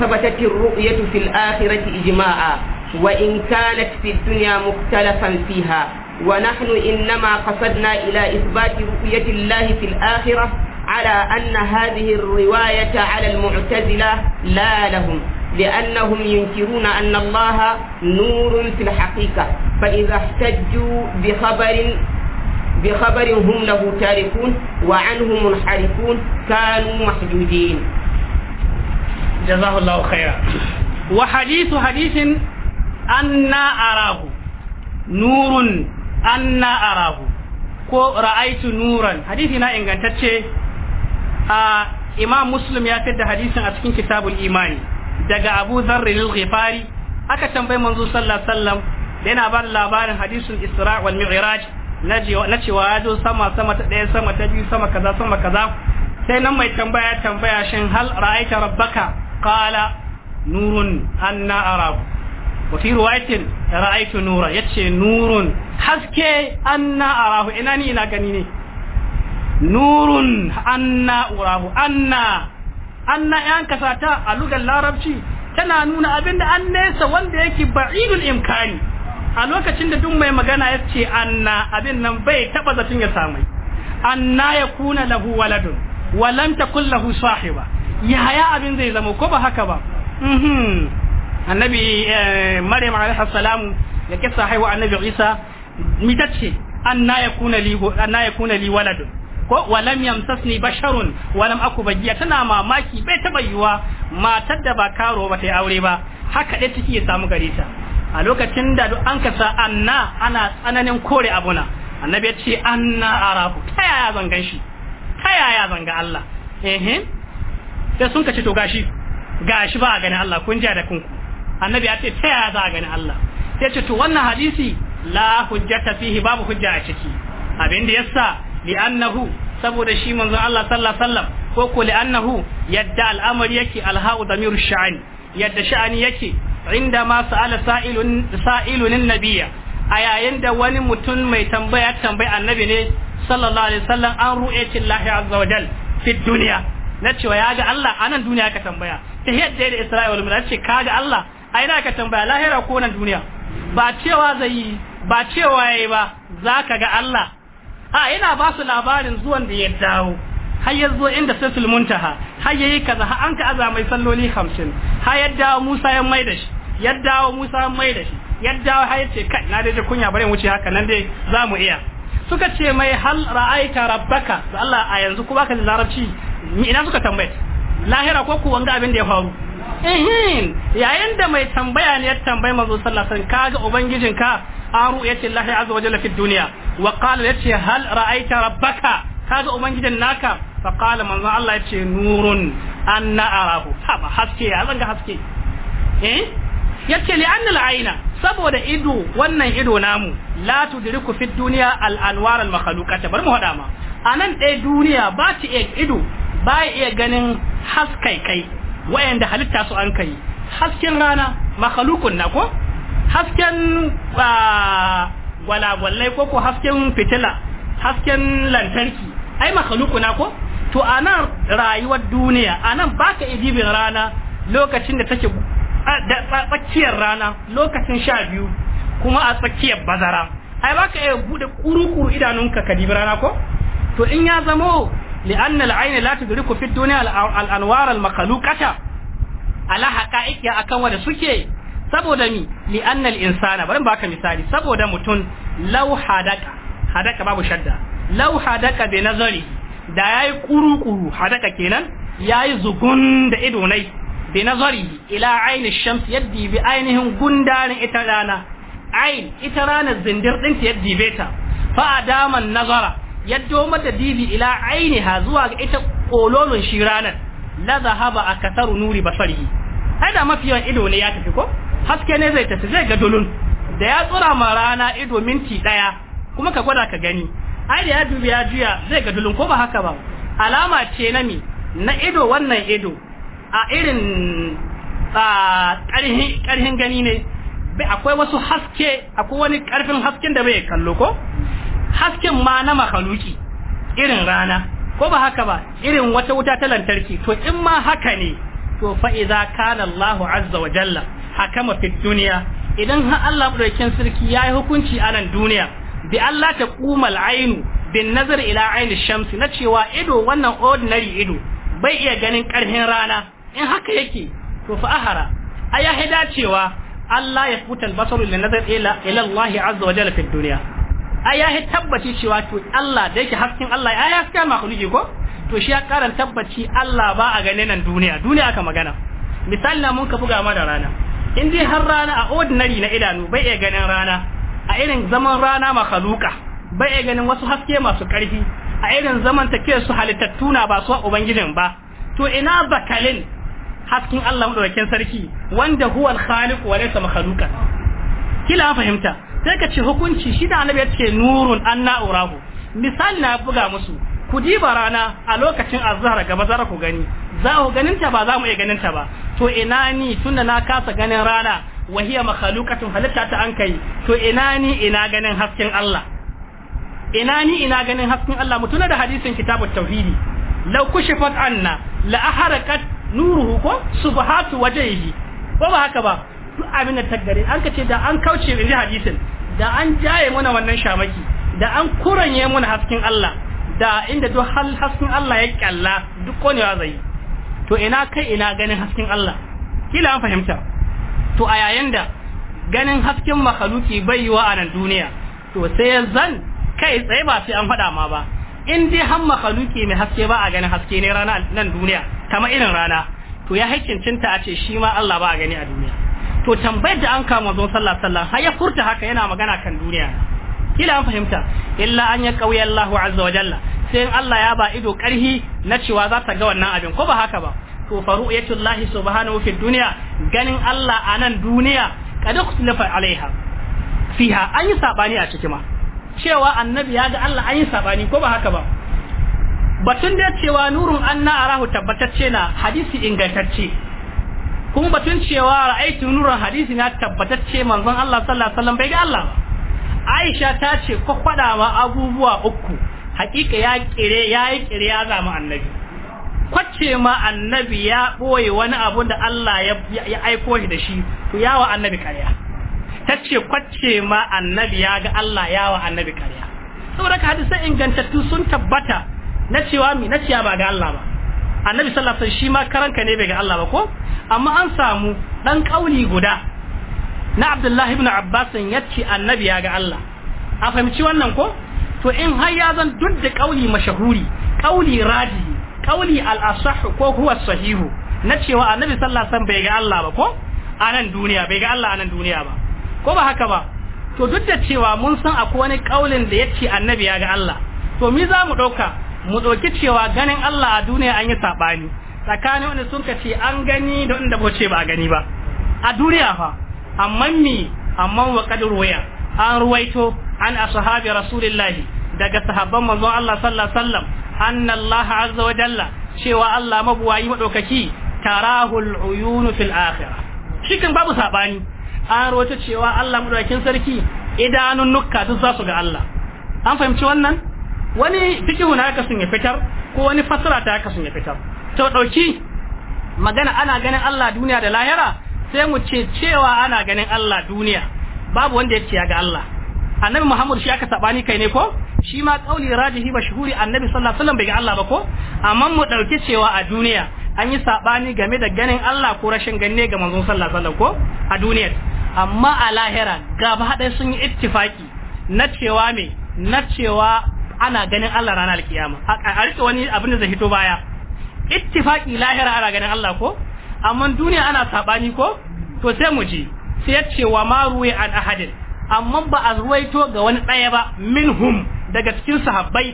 ثبتت الرؤية في الآخرة إجماعا وإن كانت في الدنيا مختلفا فيها ونحن إنما قصدنا إلى إثبات رؤية الله في الآخرة على أن هذه الرواية على المعتزلة لا لهم لأنهم ينكرون أن الله نور في الحقيقة فإذا احتجوا بخبر بخبر هم له تاركون وعنه منحرفون كانوا محجوجين جزاه الله خيرا وحديث حديث أن أراه نور anna arahu ko ra'aitu nuran hadisi na ingantacce a imam muslim ya fitar da hadisin a cikin kitabul imani daga abu zarri lil ghifari aka tambayi manzo sallallahu alaihi wasallam yana ba labarin hadisin isra wal mi'raj na cewa ya zo sama sama ta ɗaya sama ta biyu sama kaza sama kaza sai nan mai tambaya tambaya shin hal ra'aita rabbaka qala nurun anna arahu wa fi ra'aitu nura yace nurun haske anna arahu ina ni ina gani ne nurun anna urahu anna anna yan kasata a lugar larabci tana nuna abinda an nesa wanda yake ba'idul imkani a lokacin da duk mai magana ya ce anna abin nan bai taba zatin ya samu anna ya kuna lahu waladun wa lam takul lahu sahiba yaya abin zai zama ko ba haka ba mhm. annabi eh, maryam alaihi salam ya kissa haihuwa annabi isa mitacce ce an li ya kuna li waladun ko walam yamsasni basharun walam aku bagiya tana mamaki bai taba yiwa matar da ba karo ba ta yi aure ba haka dai ciki ya samu gare ta a lokacin da duk an kasa anna ana tsananin kore abuna annabi ya ce anna arahu ta yaya zan gan shi ta yaya zan ga Allah ehe sai sun kace to gashi gashi ba a gani Allah kun ji da kunku annabi ya ce ta yaya za a gani Allah sai ce to wannan hadisi la hujjata fihi babu hujja a ciki abinda yasa li'annahu saboda shi manzon Allah sallallahu alaihi wasallam ko ko li'annahu yadda al'amari yake alha'u damiru sha'ani yadda sha'ani yake inda ma sa'ala sa'ilun sa'ilun nabiyya a yayin da wani mutum mai tambaya tambayi annabi ne sallallahu alaihi wasallam an ru'e Allah azza wa jal fi dunya na cewa ya ga Allah anan duniya ka tambaya ta yadda da Isra'il mun ce ka ga Allah ai na ka tambaya lahira ko nan duniya ba cewa zai yi ba cewa yayi ba ka ga Allah a ina ba su labarin zuwan da ya dawo har ya zo inda sisul muntaha har yayi kaza har an ka aza mai salloli 50 har ya dawo Musa ya mai da shi ya dawo Musa ya mai da shi ya dawo har ya ce kai na daje kunya bare wuce haka nan dai za mu iya suka ce mai hal ra'aita rabbaka da Allah a yanzu kuma baka larabci ina suka tambaye lahira ko ku wanga abin da ya faru ehin yayin da mai tambaya ne ya tambaye manzo sallallahu alaihi wasallam kaga ubangijinka aru yace Allah azza wa jalla fi dunya wa qala yace hal ra'aita rabbaka kaga ubangijin naka fa qala manzo Allah yace nurun anna arahu haba haske ya zanga haske eh yace li anna al saboda ido wannan ido namu la tudriku fi dunya al-anwar al-makhluqata bar mu hada ma anan dai duniya ba ta iya ido ba iya ganin haskai kai wayanda halitta su an kai hasken rana makhlukun na ko hasken ah, gwalagwalai ko ko hasken fitila hasken lantarki ai makhluku ko to a nan rayuwar duniya a nan ba ka rana lokacin da take tsakiyar rana lokacin sha biyu kuma a tsakiyar bazara ai baka iya buɗe kurukuru idanunka ka dibi rana ko to in ya zamo لأن العين لا تدرك في الدنيا الأنوار المخلوقة على حقائق يا سكي saboda mi li annal insana bari baka misali saboda mutum law hadaka hadaka babu shadda law hadaka bi nazari da yayi kurukuru hadaka kenan yayi zugun da ido nai bi nazari ila ayni shams yaddi bi ainihin gundarin ita rana ayn ita rana zindir din ta yaddi beta fa adama nazara yaddo mata dibi ila ainiha zuwa ga ita kololon shi ranar la zahaba akasaru nuri basarihi hada mafiyan ido ne ya tafi ko haske ne zai tafi zai ga dulun da ya tsura ma rana ido minti daya kuma ka gwada ka gani ai da ya dubi ya juya zai ga dulun ko ba haka ba alama ce na mi na ido wannan ido a irin karhin gani ne akwai wasu haske akwai wani karfin hasken da bai kallo ko hasken ma na makaluki irin rana ko ba haka ba irin wata wuta ta lantarki to in ma haka ne to fa idza kana azza wa jalla hakama fi duniya idan har Allah madaukakin sarki yayi hukunci a nan duniya bi Allah ta kumal aynu bin nazar ila aini shamsi na cewa ido wannan ordinary ido bai iya ganin karhin rana in haka yake to fa ahara aya hida cewa Allah ya futa albasaru lin nazar ila ila Allah azza wa jalla fi duniya aya tabbaci cewa to Allah da yake hasken Allah ya haska makhluki ko to shi ya karan tabbaci Allah ba a ganin nan duniya duniya aka magana misalin mun ka buga ma da rana in dai har rana a ordinary na idanu bai iya ganin rana a irin zaman rana makaluka bai iya ganin wasu haske masu ƙarfi a irin zaman take su halittattu na ba su ubangijin ba to ina bakalin haskin Allah madaukakin sarki wanda huwa al-khaliq wa laysa makhluqan kila fahimta sai ka ce hukunci shi da annabi ya ce nurun anna urahu misali na buga musu ku diba rana a lokacin azhar gaba zara ku gani za ku ganin ta ba za mu iya ganin ta ba to ina ni tunda na kasa ganin rana wahiya makhluqatun halitta ta an kai to ina ni ina ganin hasken Allah ina ni ina ganin hasken Allah mutuna da hadisin kitabut tauhidi law kushifat anna la aharakat nuruhu ko subhatu wajhihi ko ba haka ba duk abin da tagare an kace da an kauce inji hadisin da an jaye mana wannan shamaki da an kuranye mana hasken Allah da inda duk hal hasken Allah ya kyalla duk ya zai to ina kai ina ganin hasken Allah kila an fahimta to a yayin da ganin hasken makaluki bai yi wa a nan duniya to sai ya zan kai tsaye ba sai an faɗa ma ba in dai har makaluki mai haske ba a ganin haske ne rana nan duniya kamar irin rana to ya cinta a ce shi ma Allah ba a gani a duniya to tambayar da an kama zon sallah sallah har ya furta haka yana magana kan duniya kila an fahimta illa an ya kauye Allah azza wa jalla sai Allah ya ba ido karhi na cewa za ta ga wannan abin ko ba haka ba to faru yatul lahi subhanahu fi dunya ganin Allah a nan duniya kad ikhtalafa alaiha fiha an yi sabani a cikin ma cewa annabi ya ga Allah an yi sabani ko ba haka ba batun da cewa nurun anna arahu tabbatacce na hadisi ingantacce kuma batun cewa ra'aitu nurun hadisi na tabbatacce manzon Allah sallallahu alaihi wasallam bai ga Allah ba Aisha ta ce ko faɗawa abubuwa uku hakika ya kire ya yi kire ya zama annabi kwace ma annabi ya ɓoye wani abu da Allah ya aiko shi da shi to yawa annabi karya ta ce kwace ma annabi ya ga Allah yawa annabi karya saboda ka hadisai ingantattu sun tabbata na cewa mi na cewa ba ga Allah ba annabi sallallahu alaihi wasallam shi ma karanka ne bai ga Allah ba ko amma an samu dan kauli guda na abdullahi ibn abbas yace annabi ya ga Allah a fahimci wannan ko to in har ya zan duk da kauli mashahuri kauli radi kauli al-asah ko huwa sahihu na cewa annabi sallallahu alaihi wasallam bai ga Allah ba ko a nan duniya bai ga Allah a nan duniya ba ko ba haka ba to duk da cewa mun san akwai wani kaulin da yace annabi ya ga Allah to mi za mu dauka mu dauki cewa ganin Allah a duniya an yi sabani tsakanin wani sun ce an gani da wanda bace ba a gani ba a duniya fa amma mi amma wa qad waya an ruwaito an ashabi rasulillahi daga sahabban manzon Allah sallallahu alaihi wasallam anna Allah azza wa jalla cewa Allah mabuwayi madaukaki tarahul uyunu fil akhirah shikin babu sabani an ruwaito cewa Allah madaukakin sarki idanun nukka duk za su ga Allah an fahimci wannan wani fikihu na haka sun yi fitar ko wani fasara ta haka sun yi fitar to dauki magana ana ganin Allah duniya da lahira sai mu ce cewa ana ganin Allah duniya babu wanda ya ce ya ga Allah annabi Muhammad shi aka sabani kai ne ko shi ma kauli rajihi mashhuri annabi sallallahu alaihi wasallam bai ga Allah ba ko amma mu ɗauki cewa a duniya an yi sabani game da ganin Allah ko rashin ganne ga manzon sallallahu alaihi wasallam ko a duniya amma a lahira gaba dai sun yi ittifaki na cewa me na cewa ana ganin Allah ranar alkiyama a rike wani abin da zai hito baya ittifaki lahira ana ganin Allah ko amma duniya ana sabani ko to sai mu ji sai yace wa maruwi an ahadin amma ba a ruwaito ga wani daya ba minhum daga cikin sahabbai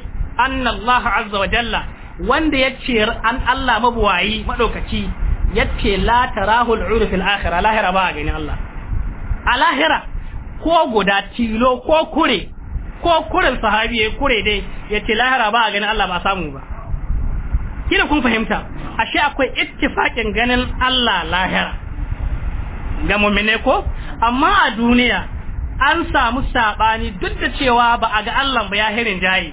annallaha azza wa jalla wanda yace an Allah mabuwayi madaukaki yace la tarahu al'ur fil akhirah lahira ba gani Allah a lahira ko guda tilo ko kure ko kurin sahabi ya kure dai yace lahira ba gani Allah ba samu ba kina kun fahimta ashe akwai ittifakin ganin Allah lahira ga mummine ko amma a duniya an samu sabani duk da cewa ba a ga Allah ba ya hirin jayi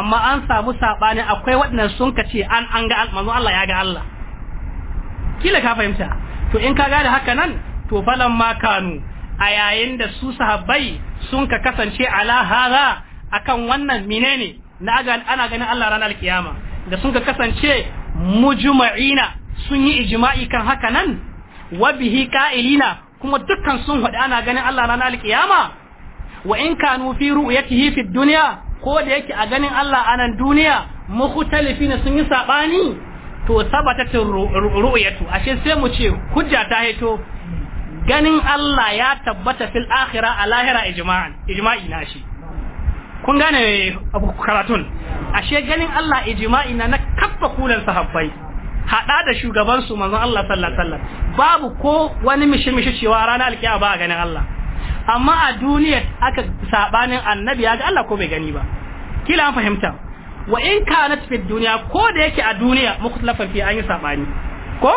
amma an samu sabani akwai waɗannan sun ce an an ga manzo Allah ya ga Allah kila ka fahimta to in ka gane haka nan to falan ma kanu a yayin da su sahabbai sun ka kasance ala hara akan wannan menene na ana ganin Allah ranar kiyama da sun ka kasance mujma'ina sun yi ijma'i kan haka nan wa bihi qa'ilina kuma dukkan sun hada ana ganin Allah ranar alkiyama wa in kanu fi ru'yatihi fi dunya ko da yake a ganin Allah anan duniya mukhtalifin sun yi sabani to sabatatin ru'yatu ashe sai mu ce hujja ta haito ganin Allah ya tabbata fil akhirah a lahira ijma'an ijma'i na shi kun gane eh, karatun ashe ganin Allah ijma'i na na kaffa kulan sahabbai hada da shugaban su manzon Allah sallallahu alaihi wasallam babu ko wani mishi mishi cewa ranar alkiyama ba ganin Allah amma a duniya aka sabanin annabi ya ga Allah ko bai gani ba kila an fahimta wa in kanat fi duniya ko da yake a duniya mukhtalafa fi an yi sabani ko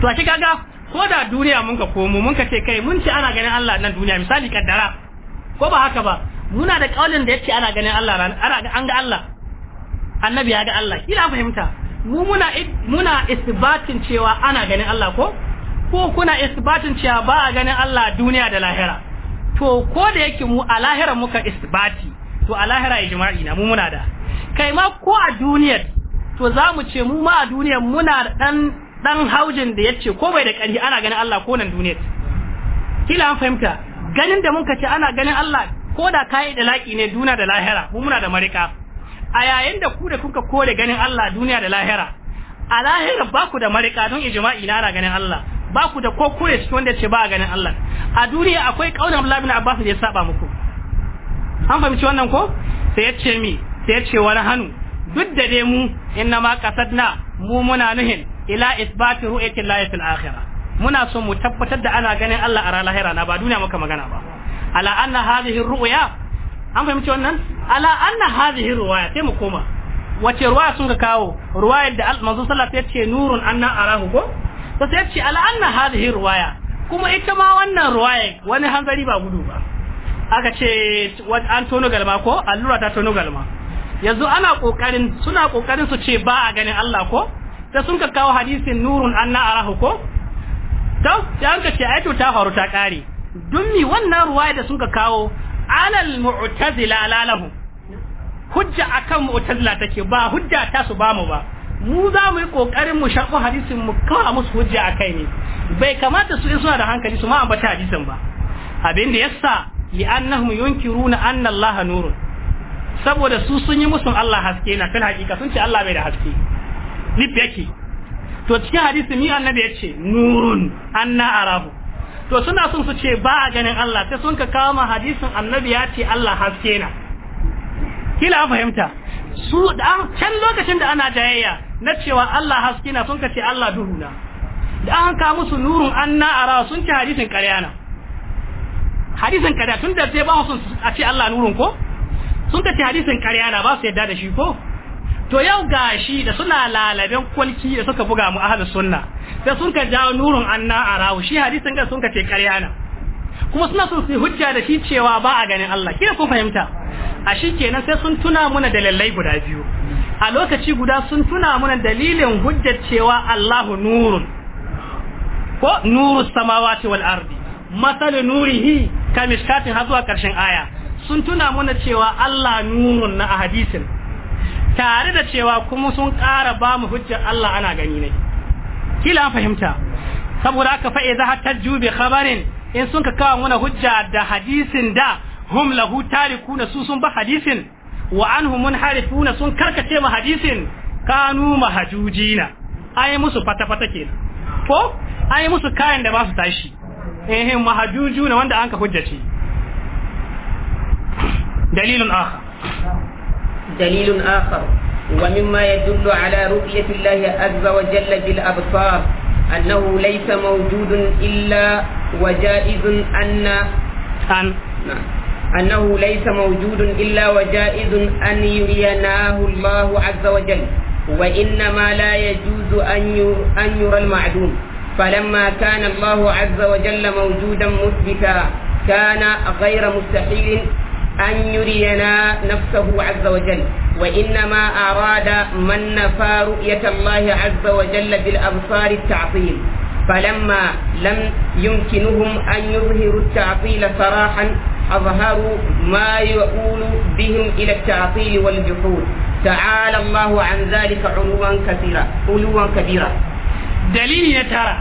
to a kaga ko da duniya mun ka komo mun ka ce kai mun ce ana ganin Allah nan duniya misali kaddara ko ba haka ba muna da kaulin da yace ana ganin Allah ran an ga Allah annabi ya ga Allah kila fahimta mu muna muna isbatin cewa ana ganin Allah ko ko kuna isbatin cewa ba a ganin Allah duniya da lahira to ko da yake mu a lahira muka isbati to a lahira ijma'i na mu muna da kai ma ko a duniyar to za mu ce mu ma a duniyar muna da dan dan haujin da yace ko bai da ƙarfi ana ganin Allah ko nan duniyar kila an fahimta ganin da muka ce ana ganin Allah ko da kai da laki ne duna da lahira mu muna da marika a yayin da ku da kuka kore ganin Allah duniya da lahira a lahira ba ku da marika don ijma'i na ganin Allah ba ku da ko kore cikin wanda ce ba ganin Allah a duniya akwai kaunar Abdullahi bin Abbas da ya saba muku an fahimci wannan ko sai ya ce mi sai ya ce wani hannu duk da dai mu inna ma qasadna mu muna nuhin ila isbati ru'yati llahi fil akhirah muna so mu tabbatar da ana ganin Allah a ranar lahira na ba duniya muka magana ba ala anna hadhihi ru'ya an fahimci wannan ala anna hadhihi ruwaya sai mu koma wace ruwaya sun ka kawo riwayar da manzo sallallahu alaihi ce nurun anna arahu ko to sai ce ala anna hadhihi ruwaya kuma ita ma wannan ruwaya wani hanzari ba gudu ba aka ce an tono galma ko allura ta tono galma yanzu ana kokarin suna kokarin su ce ba a ganin Allah ko sai sun ka kawo hadisin nurun anna arahu ko to sai an ka ce ayatu ta faru ta kare dummi wannan ruwaya da sun ka kawo alal mu'tazila la lahu hujja akan mu'tazila take ba hujja ta su bamu ba mu za mu yi kokarin mu sharhu hadisin mu kawo musu hujja akai ne bai kamata su suna da hankali su ma ambata hadisin ba abin da yasa annahum yunkiruna anna Allah nurun saboda su sun yi musu Allah haske na kan hakika sun ce Allah bai da haske ni yake to cikin hadisi mi annabi yace nurun anna arahu to suna sun su ce ba a ganin Allah sai sun ka kawo ma hadisin annabi ya ce Allah haske na kila fahimta su da can lokacin da ana jayayya na cewa Allah haske na sun ka ce Allah duhu na da an kawo musu nurun an na'ara sun ce hadisin karyana. na hadisin ƙarya tun da sai ba su a ce Allah nurun ko sun ka ce hadisin karyana na ba su yadda da shi ko to yau gashi da suna lalaben kwalki da suka buga mu ahlus sunna sai sun ka jawo nurun anna arawu shi hadisin ga sun ka ce karyana kuma suna son su hujja da shi cewa ba a ganin Allah kina kun fahimta a shi kenan sai sun tuna muna dalilai guda biyu a lokaci guda sun tuna muna dalilin hujjar cewa Allahu nurun ko nurus samawati wal ardi masal nurihi kamishkatin har zuwa karshen aya sun tuna muna cewa Allah nurun na a hadisin tare da cewa kuma sun ƙara ba mu hujjar Allah ana gani ne kila fahimta saboda aka fa'i za ta jube khabarin in sun ka kawo muna hujja da hadisin da hum lahu na su sun ba hadisin wa anhum munharifuna sun karkace ma hadisin kanu mahajujina ai musu fata fata ke ko ai musu kayan da ba su tashi eh mahajujuna wanda an ka hujjace dalilun akhar دليل آخر ومما يدل على رؤية الله عز وجل بالأبصار أنه ليس موجود إلا وجائز أن عن نعم. أنه ليس موجود إلا وجائز أن يريناه الله عز وجل وإنما لا يجوز أن يرى المعدوم فلما كان الله عز وجل موجودا مثبتا كان غير مستحيل أن يرينا نفسه عز وجل وإنما أراد من نفى رؤية الله عز وجل بالأبصار التعطيل فلما لم يمكنهم أن يظهروا التعطيل صراحا أظهروا ما يؤول بهم إلى التعطيل والجحود تعالى الله عن ذلك علوا كثيرا علوا كبيرا دليل ترى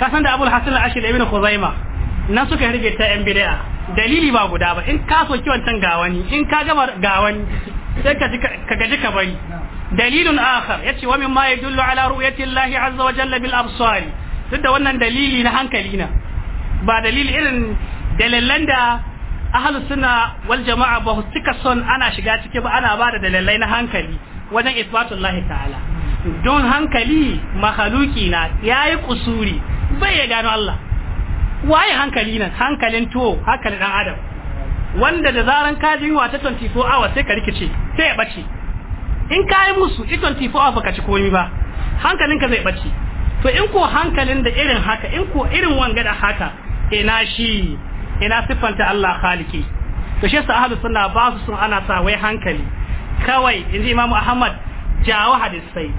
كسند أبو الحسن العشر ابن خزيمة نسك هرجة بدا dalili ba guda ba in ka soki wancan ga wani in ka gama ga wani sai ka gaji ka bari dalilun akhar yace wa mimma yadullu ala ru'yati Allah azza wa jalla bil absar duk da wannan dalili na hankali na ba dalili irin dalilan da ahlus sunna wal jama'a ba suka son ana shiga ciki ba ana ba da dalilai na hankali wajen isbatullah ta'ala don hankali mahaluki na yayi kusuri bai ya gano Allah waye hankali nan hankalin tuwo hankalin dan adam wanda da zaran ka ji wa ta 24 hours sai ka rikice sai ya bace in ka yi musu i 24 hours baka ci komai ba hankalin ka zai bace to in ko hankalin da irin haka in ko irin wanga da haka ina shi ina siffanta Allah khaliki to shi sa ahlus sunna ba su sun ana sa wai hankali kawai inji imamu ahmad jawo hadisai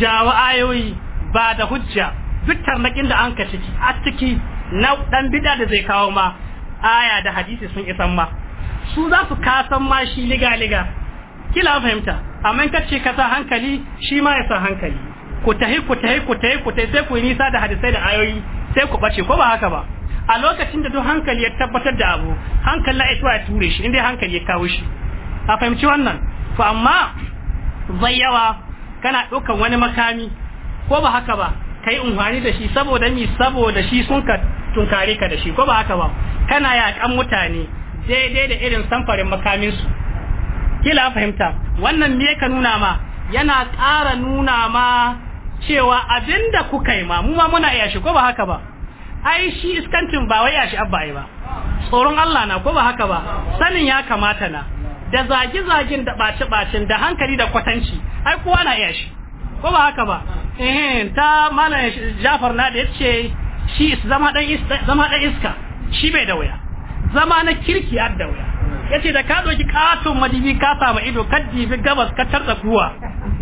jawo ayoyi ba da hujja duk tarnakin da an ka ciki a ciki na dan bid'a da zai kawo ma aya da hadisi sun isan ma su za su kasan ma shi liga liga kila fahimta amma ka ce ka sa hankali shi ma ya sa hankali ku tahi ku tahi ku tahi ku tahi sai ku yi nisa da hadisai da ayoyi sai ku bace ko ba haka ba a lokacin da duk hankali ya tabbatar da abu hankali na ya ture shi inda hankali ya kawo shi a fahimci wannan to amma zai yawa kana ɗaukan wani makami ko ba haka ba kai unhwani da shi saboda mi saboda shi sun ka to tare ka da shi ko ba haka ba kana yakan mutane daidai da irin samfarin makamin su kila fahimta wannan me ka nuna ma yana ƙara nuna ma cewa abinda kuka yi ma mu ma muna iya shi ko ba haka ba ai shi iskancin ba wai iya shi abba ba tsoron Allah na ko ba haka ba sanin ya kamata na da zagi-zagin da ɓace bacin da hankali da kwatanci ai kowa na iya shi ko ba haka ba ta malam jafar na da yace shi zama dan iska zama iska shi bai da wuya zama na kirki har da wuya yace da ka doki katon madibi ka samu ido kaddi bi gabas ka tarda kuwa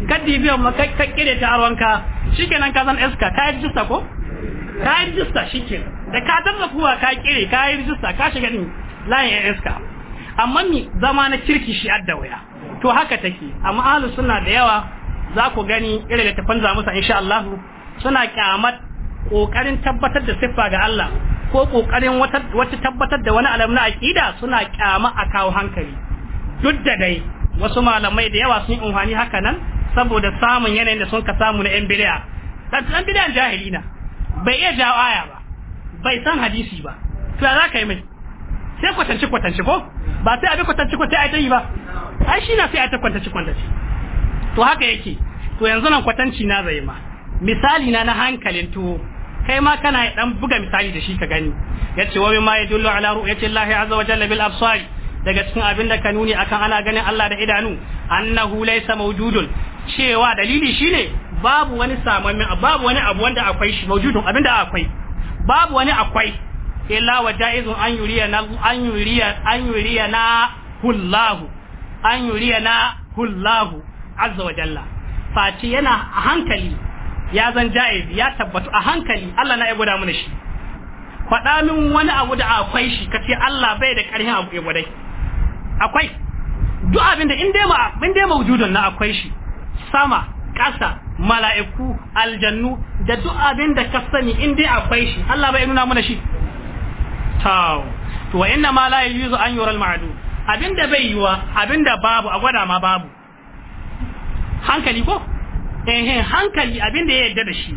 kaddi bi amma ka kire ta arwanka shikenan ka zan iska ka yi jista ko ka yi jista shikenan da ka tarda kuwa ka kire ka yi jista ka shiga din layin iska amma ni zama na kirki shi har da wuya to haka take amma ahlus sunna da yawa za ku gani irin da tafan zamusa musa insha Allah suna kyamata kokarin tabbatar da siffa ga Allah ko kokarin wata tabbatar da wani alamu na aqida suna kyama a kawo hankali duk da dai wasu malamai da yawa sun umfani haka nan saboda samun yanayin da sun ka samu na yan bid'a dan bid'an jahili na bai iya jawo aya ba bai san hadisi ba to za ka yi mai sai kwatanci kwatanci ko ba sai abi kwatanci kwatanci ai ta yi ba ai shi na sai ai ta kwatanci kwatanci to haka yake to yanzu nan kwatanci na zai ma misali na na hankalin tuwo kai ma kana dan buga misali da shi ka gani yace wa mimma yadullu ala ru'yati Allah azza wa jalla bil absar daga cikin abin da ka nuni akan ana ganin Allah da idanu annahu laysa mawjudun cewa dalili shine babu wani samamin babu wani abu wanda akwai shi mawjudun abin da akwai babu wani akwai illa wa jaizun an yuriya na an yuriya an yuriya na hullahu an yuriya na hullahu azza wa jalla fati yana a hankali ya zan jaiz ya tabbatu a hankali Allah na ya gwada mana shi faɗa min wani abu da akwai shi kace Allah bai da ƙarfin abu ya gwadai akwai duk abin da in dai ma in dai mawjudun na akwai shi sama ƙasa mala'iku aljannu da duk abin da ka sani in dai akwai shi Allah bai nuna mana shi taw to wa inna ma la yuzu an yura al ma'du abinda bai yiwa abinda babu a gwada ma babu hankali ko eh hankali abin da ya yarda da shi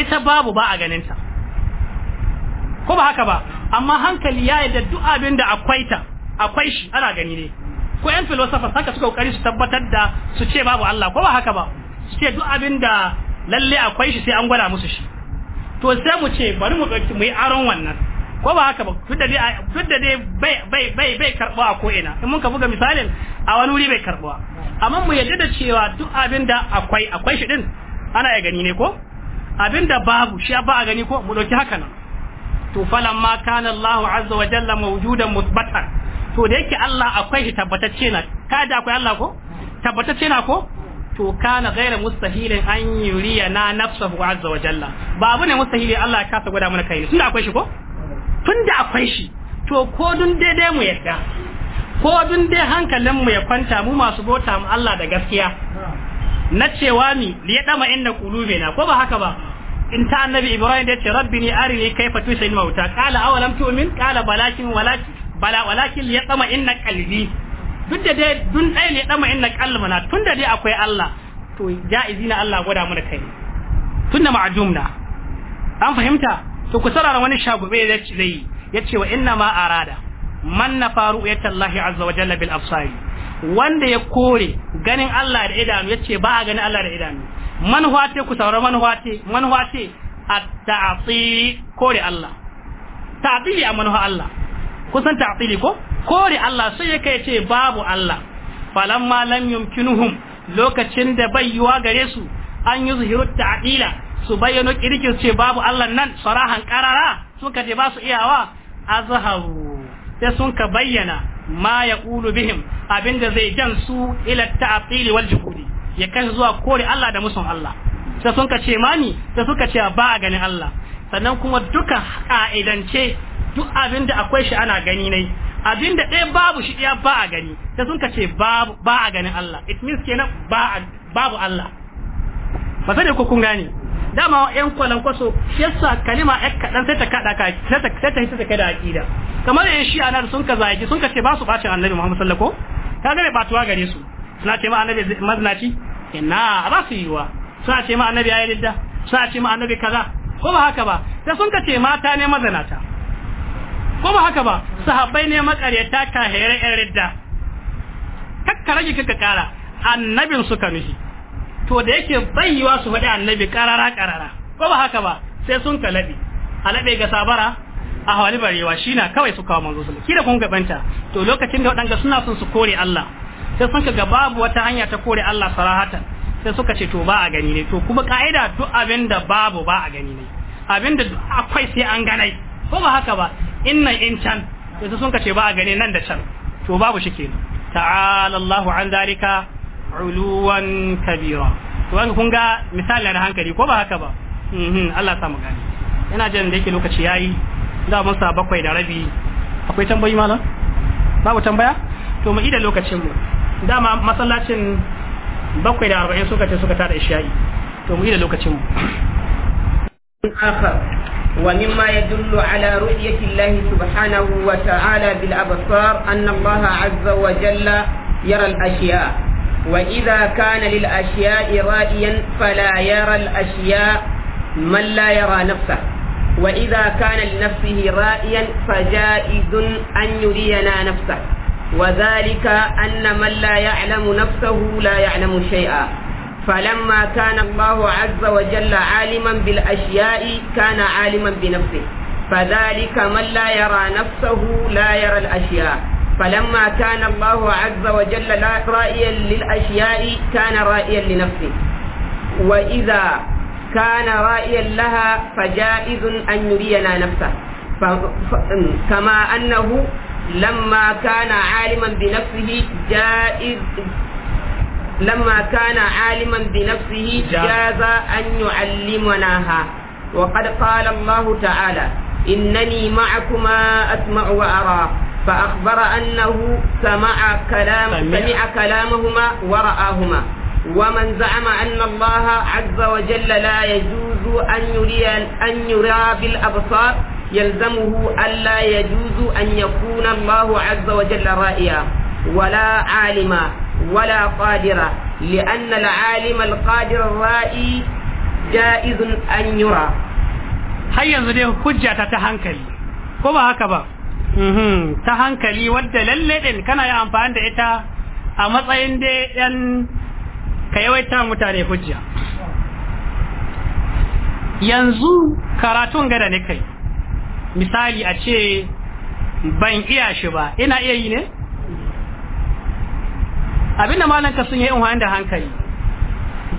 ita babu ba a ganin ta ko ba haka ba amma hankali ya yarda duk abin da akwai ta akwai shi ana gani ne ko yan philosophers haka suka kokari su tabbatar da su ce babu Allah ko ba haka ba su ce duk abin da lalle akwai shi sai an gwada musu shi to sai mu ce bari mu mu yi aron wannan ko ba haka ba tunda dai tunda dai bai bai bai bai karbuwa ko ina in mun ka buga misalin a wani wuri bai karbo amma mu yadda da cewa duk abin da akwai akwai shi din ana ya gani ne ko abin da babu shi ba a gani ko mu dauki haka nan to ma kana Allahu azza wa jalla mawjudan musbatan to da yake Allah akwai shi tabbatacce na da akwai Allah ko tabbatacce na ko to kana gaira mustahilin an yuriya na nafsahu azza wa jalla Babu ne mustahili Allah ya kasa gwada mana kai tunda akwai shi ko tun da akwai shi to ko dun daidai mu yadda ko dun dai hankalin mu ya kwanta mu masu bota mu Allah da gaskiya na cewa ni li ya dama inna na, ko ba haka ba in ta annabi ibrahim da ce rabbi ni arini kaifa tusil mauta qala lam tu'min qala balakin walakin bala walakin li ya dama inna qalbi duk da dai dun dai ne dama inna qalbana tun da dai akwai Allah to ja'izi izina Allah gwada mu da kai tun da ma'ajum an fahimta to ku sarara wani shagube zai yi yace wa inna ma arada man na faru ya tallahi azza wa jalla bil afsari wanda ya kore ganin Allah da idanu yace ba a ganin Allah da idanu man hwate ku saurara man hwate man hwate at-ta'ti kore Allah ta'tili a manhu Allah kusan ta'tili ko kore Allah sai ya kai ce babu Allah falamma lam yumkinuhum lokacin da bai yiwa gare su an yuzhiru ta'dila su bayyano kirkin ce babu Allah nan sarahan karara sun ka ce ba su iyawa zahabu sai sun ka bayyana ma ƙulu bihim abinda zai jan su ila ta'til wal juhudi ya kai zuwa kore Allah da musun Allah sai sun ka ce mani sai suka ce ba a ganin Allah sannan kuma duka ka'idance duk abinda akwai shi ana gani ne abinda ɗaya babu shi ya ba a gani sai sun ka ce ba a ganin Allah it means kenan ba babu Allah ba sai ko kun gane dama yan kwalankwaso shi yasa kalima ɗan kaɗan sai ta kada ka sai ta sai ta kai da aqida kamar yan shi anar sun ka zagi sun ka ce ba su bacin annabi muhammad sallallahu alaihi wasallam sallako ka ba tuwa gare su suna ce ma annabi maznaci ina ba su yi wa suna ce ma annabi ayi lidda suna ce ma annabi kaza ko ba haka ba sai sun ka ce mata ne mazanata ko ba haka ba sahabbai ne makaryata ka here yan ridda kakka rage kakka kara annabin suka nuhi to da yake bayyawa su faɗi annabi karara karara ko ba haka ba sai sun kalabi alabe ga sabara a hawali barewa shi na kawai su kawo manzo sallallahu kira kun gabanta to lokacin da waɗanda suna son su kore Allah sai sun ga babu wata hanya ta kore Allah sarahatan sai suka ce to ba a gani ne to kuma ka'ida duk abin da babu ba a gani ne abin da akwai sai an ganai ko ba haka ba inna in can sai sun ka ce ba a gani nan da can to babu shi ke ta'ala Allahu an zalika uluwan kabira to kun ga misali na hankali ko ba haka ba mhm Allah samu gani ina jin da yake lokaci yayi da mun sa bakwai da rabi akwai tambayi malam babu tambaya to mu ida lokacin mu dama masallacin bakwai da arba'in suka ce suka tada isha'i to mu ida lokacin mu akhar ومما يدل على رؤية الله سبحانه وتعالى بالأبصار أن الله عز وجل يرى الأشياء وإذا كان للأشياء رأيا فلا يرى الأشياء من لا يرى نفسه وإذا كان لنفسه رأيا فجائز أن يرينا نفسه وذلك أن من لا يعلم نفسه لا يعلم شيئا فلما كان الله عز وجل عالما بالأشياء كان عالما بنفسه فذلك من لا يرى نفسه لا يرى الأشياء فلما كان الله عز وجل لا رائيا للأشياء كان رائيا لنفسه وإذا كان رائيا لها فجائز أن يرينا نفسه كما أنه لما كان عالما بنفسه جائز لما كان عالما بنفسه جاز أن يعلمناها وقد قال الله تعالى إنني معكما أسمع وأرى فأخبر أنه سمع كلام سمع كلامهما ورآهما ومن زعم أن الله عز وجل لا يجوز أن يري أن يرى بالأبصار يلزمه ألا يجوز أن يكون الله عز وجل رائيا ولا عالما ولا قادرا لأن العالم القادر الرائي جائز أن يرى هيا زديه حجة تهنكلي كما هكذا Mhm. ta hankali wadda lalle din kana yi amfani da ita a matsayin da yan ka yawaita mutane hujja yanzu karatun gada ne kai misali a ce ban iya shi ba ina iya yi ne abinda ka sun yi da hankali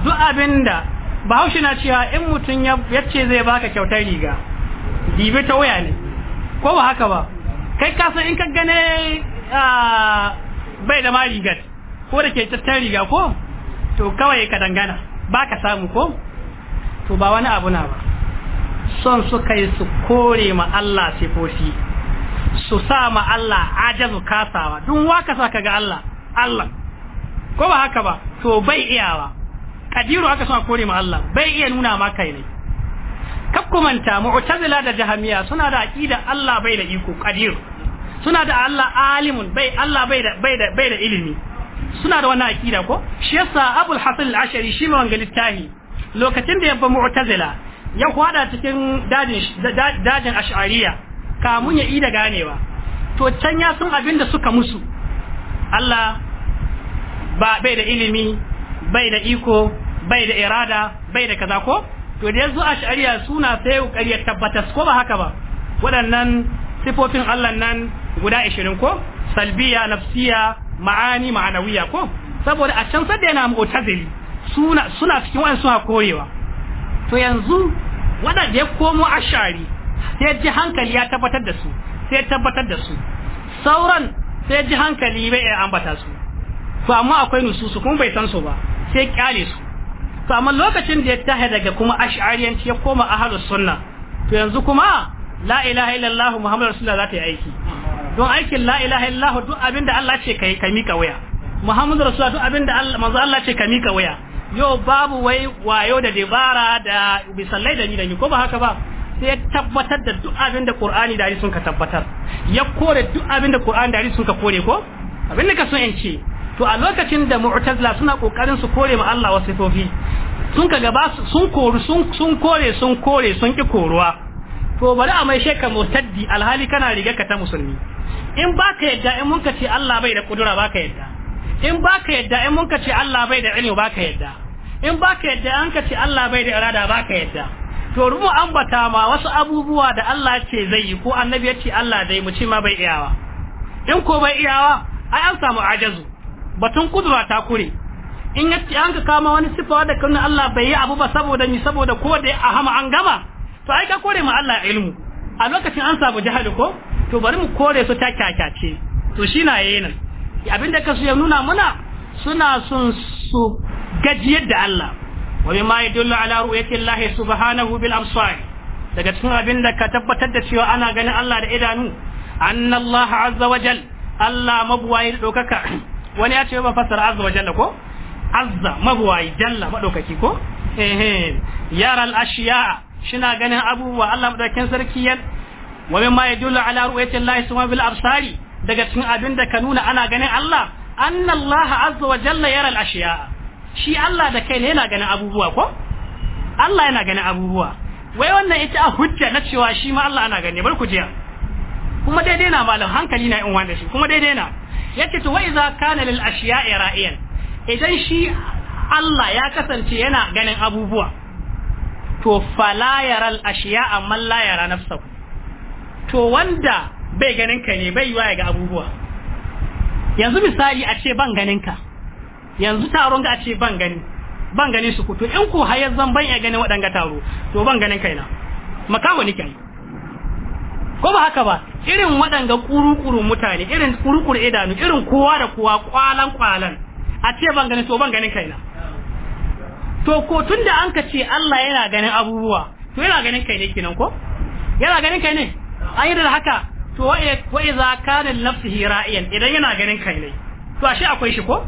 duk abinda bahaushe na cewa in mutum ya ce zai baka kyautar riga dibe ta waya ne ko ba haka ba kai ka san in ka gane ah, bai da ma rigar ko da ke tattar riga ko to kawai ka dangana ba ka samu ko to ba wani abu na ba son su kai su kore ma Allah sifofi su sa ma Allah ajazu kasawa wa waka sa ka ga Allah Allah ko ba haka ba to bai iyawa kadiru aka sa kore ma Allah bai iya nuna ma kai ne kakkumanta mu'tazila da jahamiya suna da aqida Allah bai da iko qadir suna da Allah alimun bai Allah bai da bai da bai da ilimi suna da wannan aqida ko shi yasa Abul Hasan al-Ashari shi ma wanga littahi lokacin da yabba mu'tazila ya kwada cikin dajin dajin ash'ariya kamun ya ida ganewa to can ya sun abinda suka musu Allah ba bai da ilimi bai da iko bai da irada bai da kaza ko to da yanzu shari'a suna sai ƙarya tabbatas ko ba haka ba waɗannan sifofin Allah nan guda 20 ko salbiya nafsiya ma'ani ma'anawiya ko saboda a can sadda yana mu'tazili suna suna cikin wani suna korewa to yanzu waɗanda ya komo ashari sai ji hankali ya tabbatar da su sai tabbatar da su sauran sai ji hankali bai ambata su to amma akwai nususu kuma bai san su ba sai kyale su to amma lokacin da ya tahe daga kuma ash'ariyanci ya koma ahlus sunna to yanzu kuma la ilaha illallah muhammadur rasulullah za ta yi aiki don aikin la ilaha illallah duk abinda Allah ce kai ka mika waya muhammadur rasulullah duk abinda Allah manzo Allah ce ka mika waya yo babu wai wayo da dibara da bisallai da ni da ni ko ba haka ba sai tabbatar da duk abin da Qur'ani da sun ka tabbatar ya kore duk abin da Qur'ani da sun ka kore ko abin da ka so in to a lokacin da mu'tazila suna kokarin su kore ma Allah wasu sifofi sun kaga ba sun kore sun kore sun kore sun ki koruwa to bari a mai sheka mutaddi alhali kana riga ka ta musulmi in baka yadda in mun ka ce Allah bai da kudura baka yadda in baka yadda in mun ka ce Allah bai da ilmi baka yadda in baka yadda an ka ce Allah bai da irada baka yadda to rubu ambata ma wasu abubuwa da Allah ce zai yi ko annabi ya ce Allah zai mu ce ma bai iyawa in ko bai iyawa ai an samu ajazu batun kudura ta kure in yace an ka kama wani sifa da kan Allah bai yi abu ba saboda ni saboda ko da a hama an gama to ai ka kore ma Allah ilmu a lokacin an samu jahali ko to bari mu kore su ta kyakyace to shi na yayin nan abinda ka su ya nuna muna suna sun su gajiyar da Allah wa bima yadullu ala ru'yati Allah subhanahu bil absar daga cikin abinda ka tabbatar da cewa ana ganin Allah da idanu anna Allah azza wajal Allah mabuwayi dokaka wani ya ce ba fasara azza wa jalla ko azza magwayi jalla madaukaki ko eh yara al-ashiya shina ganin abubuwa Allah madaukakin sarki yan wa mimma yadullu ala ru'yati Allah subhanahu bil absari daga cikin abin da ka nuna ana ganin Allah An Allah azza wa jalla yara al shi Allah da kai ne yana ganin abubuwa ko Allah yana ganin abubuwa wai wannan ita a hujja na cewa shi ma Allah ana gani bar ku jiya kuma daidai na malam hankali na in wanda shi kuma daidai na yake to wai za kana lil ashiya'i ra'iyan idan shi Allah ya kasance yana ganin abubuwa to fala yaral ashiya'a man la yara nafsahu to wanda bai ganin ka ne bai yiwa ga abubuwa yanzu misali a ce ban ganin ka yanzu taron ga a ce ban gani ban gani su kuto in ko hayar zan ban ya gani waɗanga taro to ban ganin kaina makawa nike ko ba haka ba irin waɗanga kurukuru mutane irin kurukuru idanu irin kowa da kowa kwalan kwalan a ce ban gani to ban ganin kaina to ko tunda an ka ce Allah yana ganin abubuwa to yana ganin kai ne kenan ko yana ganin kai ne an yi da haka to wa iza kana nafsihi ra'iyan idan yana ganin kai ne to ashe akwai shi ko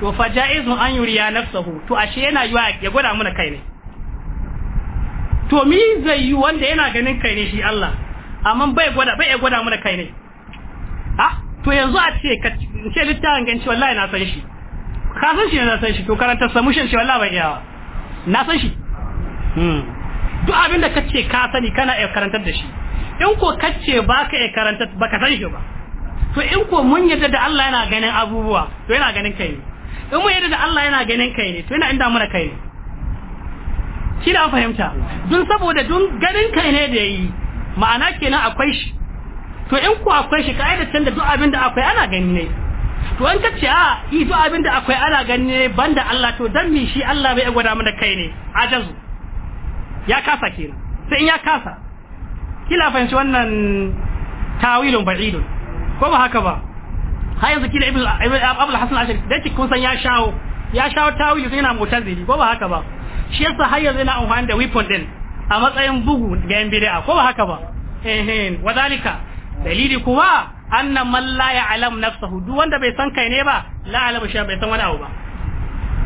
to fa ja'izun an yuriya nafsuhu to ashe yana yiwa ya gwada mana kai ne to mi zai yi wanda yana ganin kai ne shi Allah amma bai gwada bai gwada mana kai ne ha to yanzu a ce ka ce littafin ganci wallahi na san shi ka san shi na san shi to karanta samushin shi wallahi bai yawa na san shi hmm duk abinda ka ce ka sani kana iya karantar da shi in ko ka ce ba ka iya karantar ba ka san shi ba to in ko mun yadda da Allah yana ganin abubuwa to yana ganin kai ne in mun yadda da Allah yana ganin kai ne to yana inda mana kai ne kina fahimta dun saboda dun ganin kai ne da yi ma'ana kenan akwai shi to in ku akwai shi ka'idar can da duk abin da akwai ana gani ne to an kace a ah, yi duk abin da akwai ana gani ne banda Allah to dan mi shi Allah bai gwada mana kai ne ajazu ya kasa kenan sai in ya kasa kila fahimci wannan tawilun ba'idun ko ba haka ba har yanzu kila ibn abul hasan ashari da kun san ya shawo ya shawo tawili sai yana mutazili ko ba haka ba shi yasa har yanzu yana amfani da weapon din a matsayin bugu ga yan bid'a ko ba haka ba eh wadalika dalili kuwa anna man la ya'lam nafsahu duk wanda bai san kai ne ba la alama shi bai san wani abu ba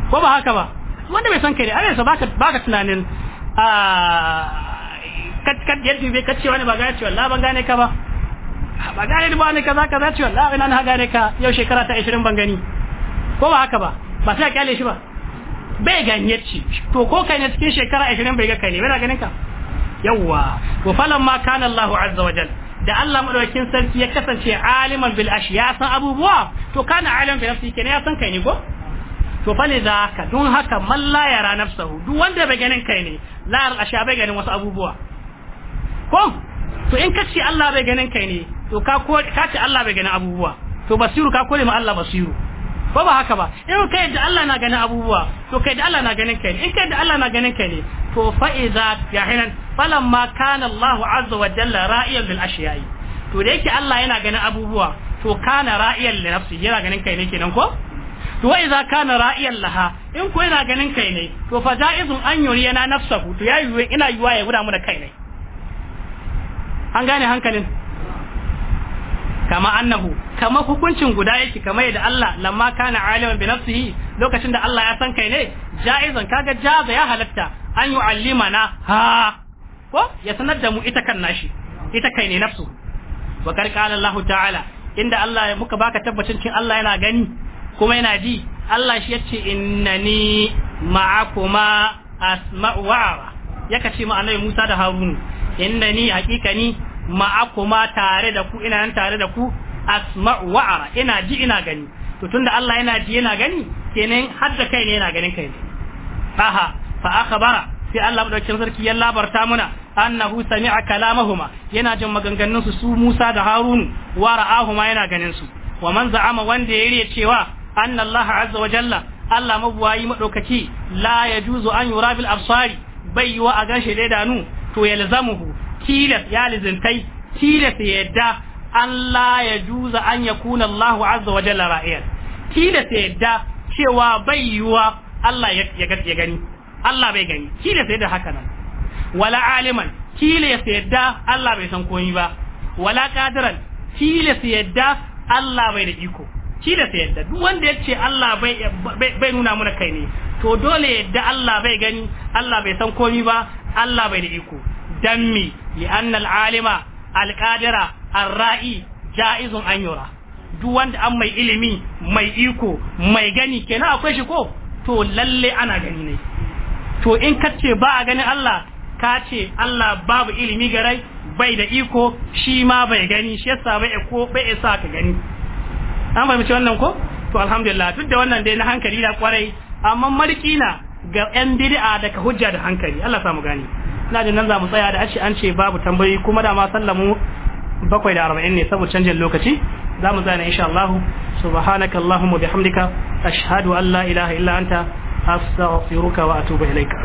ko ba haka ba wanda bai san kai ne a yanzu baka baka tunanin a kat kat yadda bai kace wani ba ga cewa la ban gane ka ba ba gane ba ne kaza kaza cewa la ina na gane ka yau shekara ta 20 ban gani ko ba haka ba ba sai kyale shi ba bai ganye ci to ko kai ne cikin shekara 20 bai ga kai ne bai ganin ka yawa wa falan ma kana Allah azza wa jalla da Allah madaukin sarki ya kasance aliman bil ashiya ya san abubuwa to kana alim bi nafsi kenan ya san kai ne ko to fa za ka don haka man la yara nafsahu duk wanda bai ganin kai ne la yara ashiya bai ganin wasu abubuwa ko to in kace Allah bai ganin kai ne to ka ko kace Allah bai ganin abubuwa to basiru ka kore ma Allah basiru ba ba haka ba in ka yadda Allah na ganin abubuwa to ka yadda Allah na ganin kai in ka yadda Allah na ganin kai ne to fa iza ya hinan ma kana Allah azza wa jalla ra'iyan bil ashiyai to da yake Allah yana ganin abubuwa to kana ra'iyan li nafsi yana ganin kai ne kenan ko to wa iza kana ra'iyan laha in ko yana ganin kai ne to fa za'izun an yana nafsahu to yayi ina yuwa ya guda mu da kai ne an gane hankalin kama annahu kama hukuncin guda yake kama yadda Allah lamma kana aliman bi nafsihi lokacin da Allah ya san kai ne jaizan kaga jaza ya halatta an yu'allimana ha ko ya sanar da mu ita kan nashi ita kai ne nafsu wa qala Allah ta'ala inda Allah muka baka tabbacin cin Allah yana gani kuma yana ji Allah shi yace innani ma'akuma asma'u wa yaka ce ma annabi Musa da Harun innani hakikani kuma tare da ku ina nan tare da ku asma'u wa ina ji ina gani to tunda Allah yana ji yana gani kenan hadda kai ne yana ganin kai ne aha fa akhbara sai Allah madaukakin sarki ya labarta muna annahu sami'a kalamahuma yana jin maganganun su su Musa da Harun wa ra'ahuma yana ganin su wa man za'ama wanda yare cewa anna Allah azza wa jalla Allah mabuwayi madaukaki la yajuzu an yura bil absari bai yiwa a ganshi da nu. to yalzamuhu tilas ya lizintai tilas ya yadda Allah ya juza an ya kuna Allah azza wa jalla ra'iyar tilas ya yadda cewa bai yiwa Allah ya gani Allah bai gani tilas ya yadda haka nan wala aliman tilas ya yadda Allah bai san komai ba wala qadiran tilas ya yadda Allah bai da iko da ta yadda duk wanda ya ce Allah bai nuna muna kai ne to dole yadda Allah bai gani Allah bai san komi ba Allah bai da iko dan mi li al alima ar arra'i jaizun an yura duk wanda an mai ilimi mai iko mai gani kenan akwai shi ko to lalle ana gani ne to in ka ce ba a ganin Allah ka ce Allah babu ilimi garai bai da iko shi ma bai gani shi yasa bai ko bai isa ka gani an fahimci wannan ko to alhamdulillah duk da wannan dai na hankali da kwarai amma maliki na ga yan bid'a daga hujja da hankali Allah samu gani ina da nan za mu tsaya da ashe an ce babu tambayi kuma da ma sallamu bakwai da arba'in ne saboda canjin lokaci za mu tsaya insha Allah subhanaka allahumma bihamdika ashhadu an la ilaha illa anta astaghfiruka wa atubu ilaika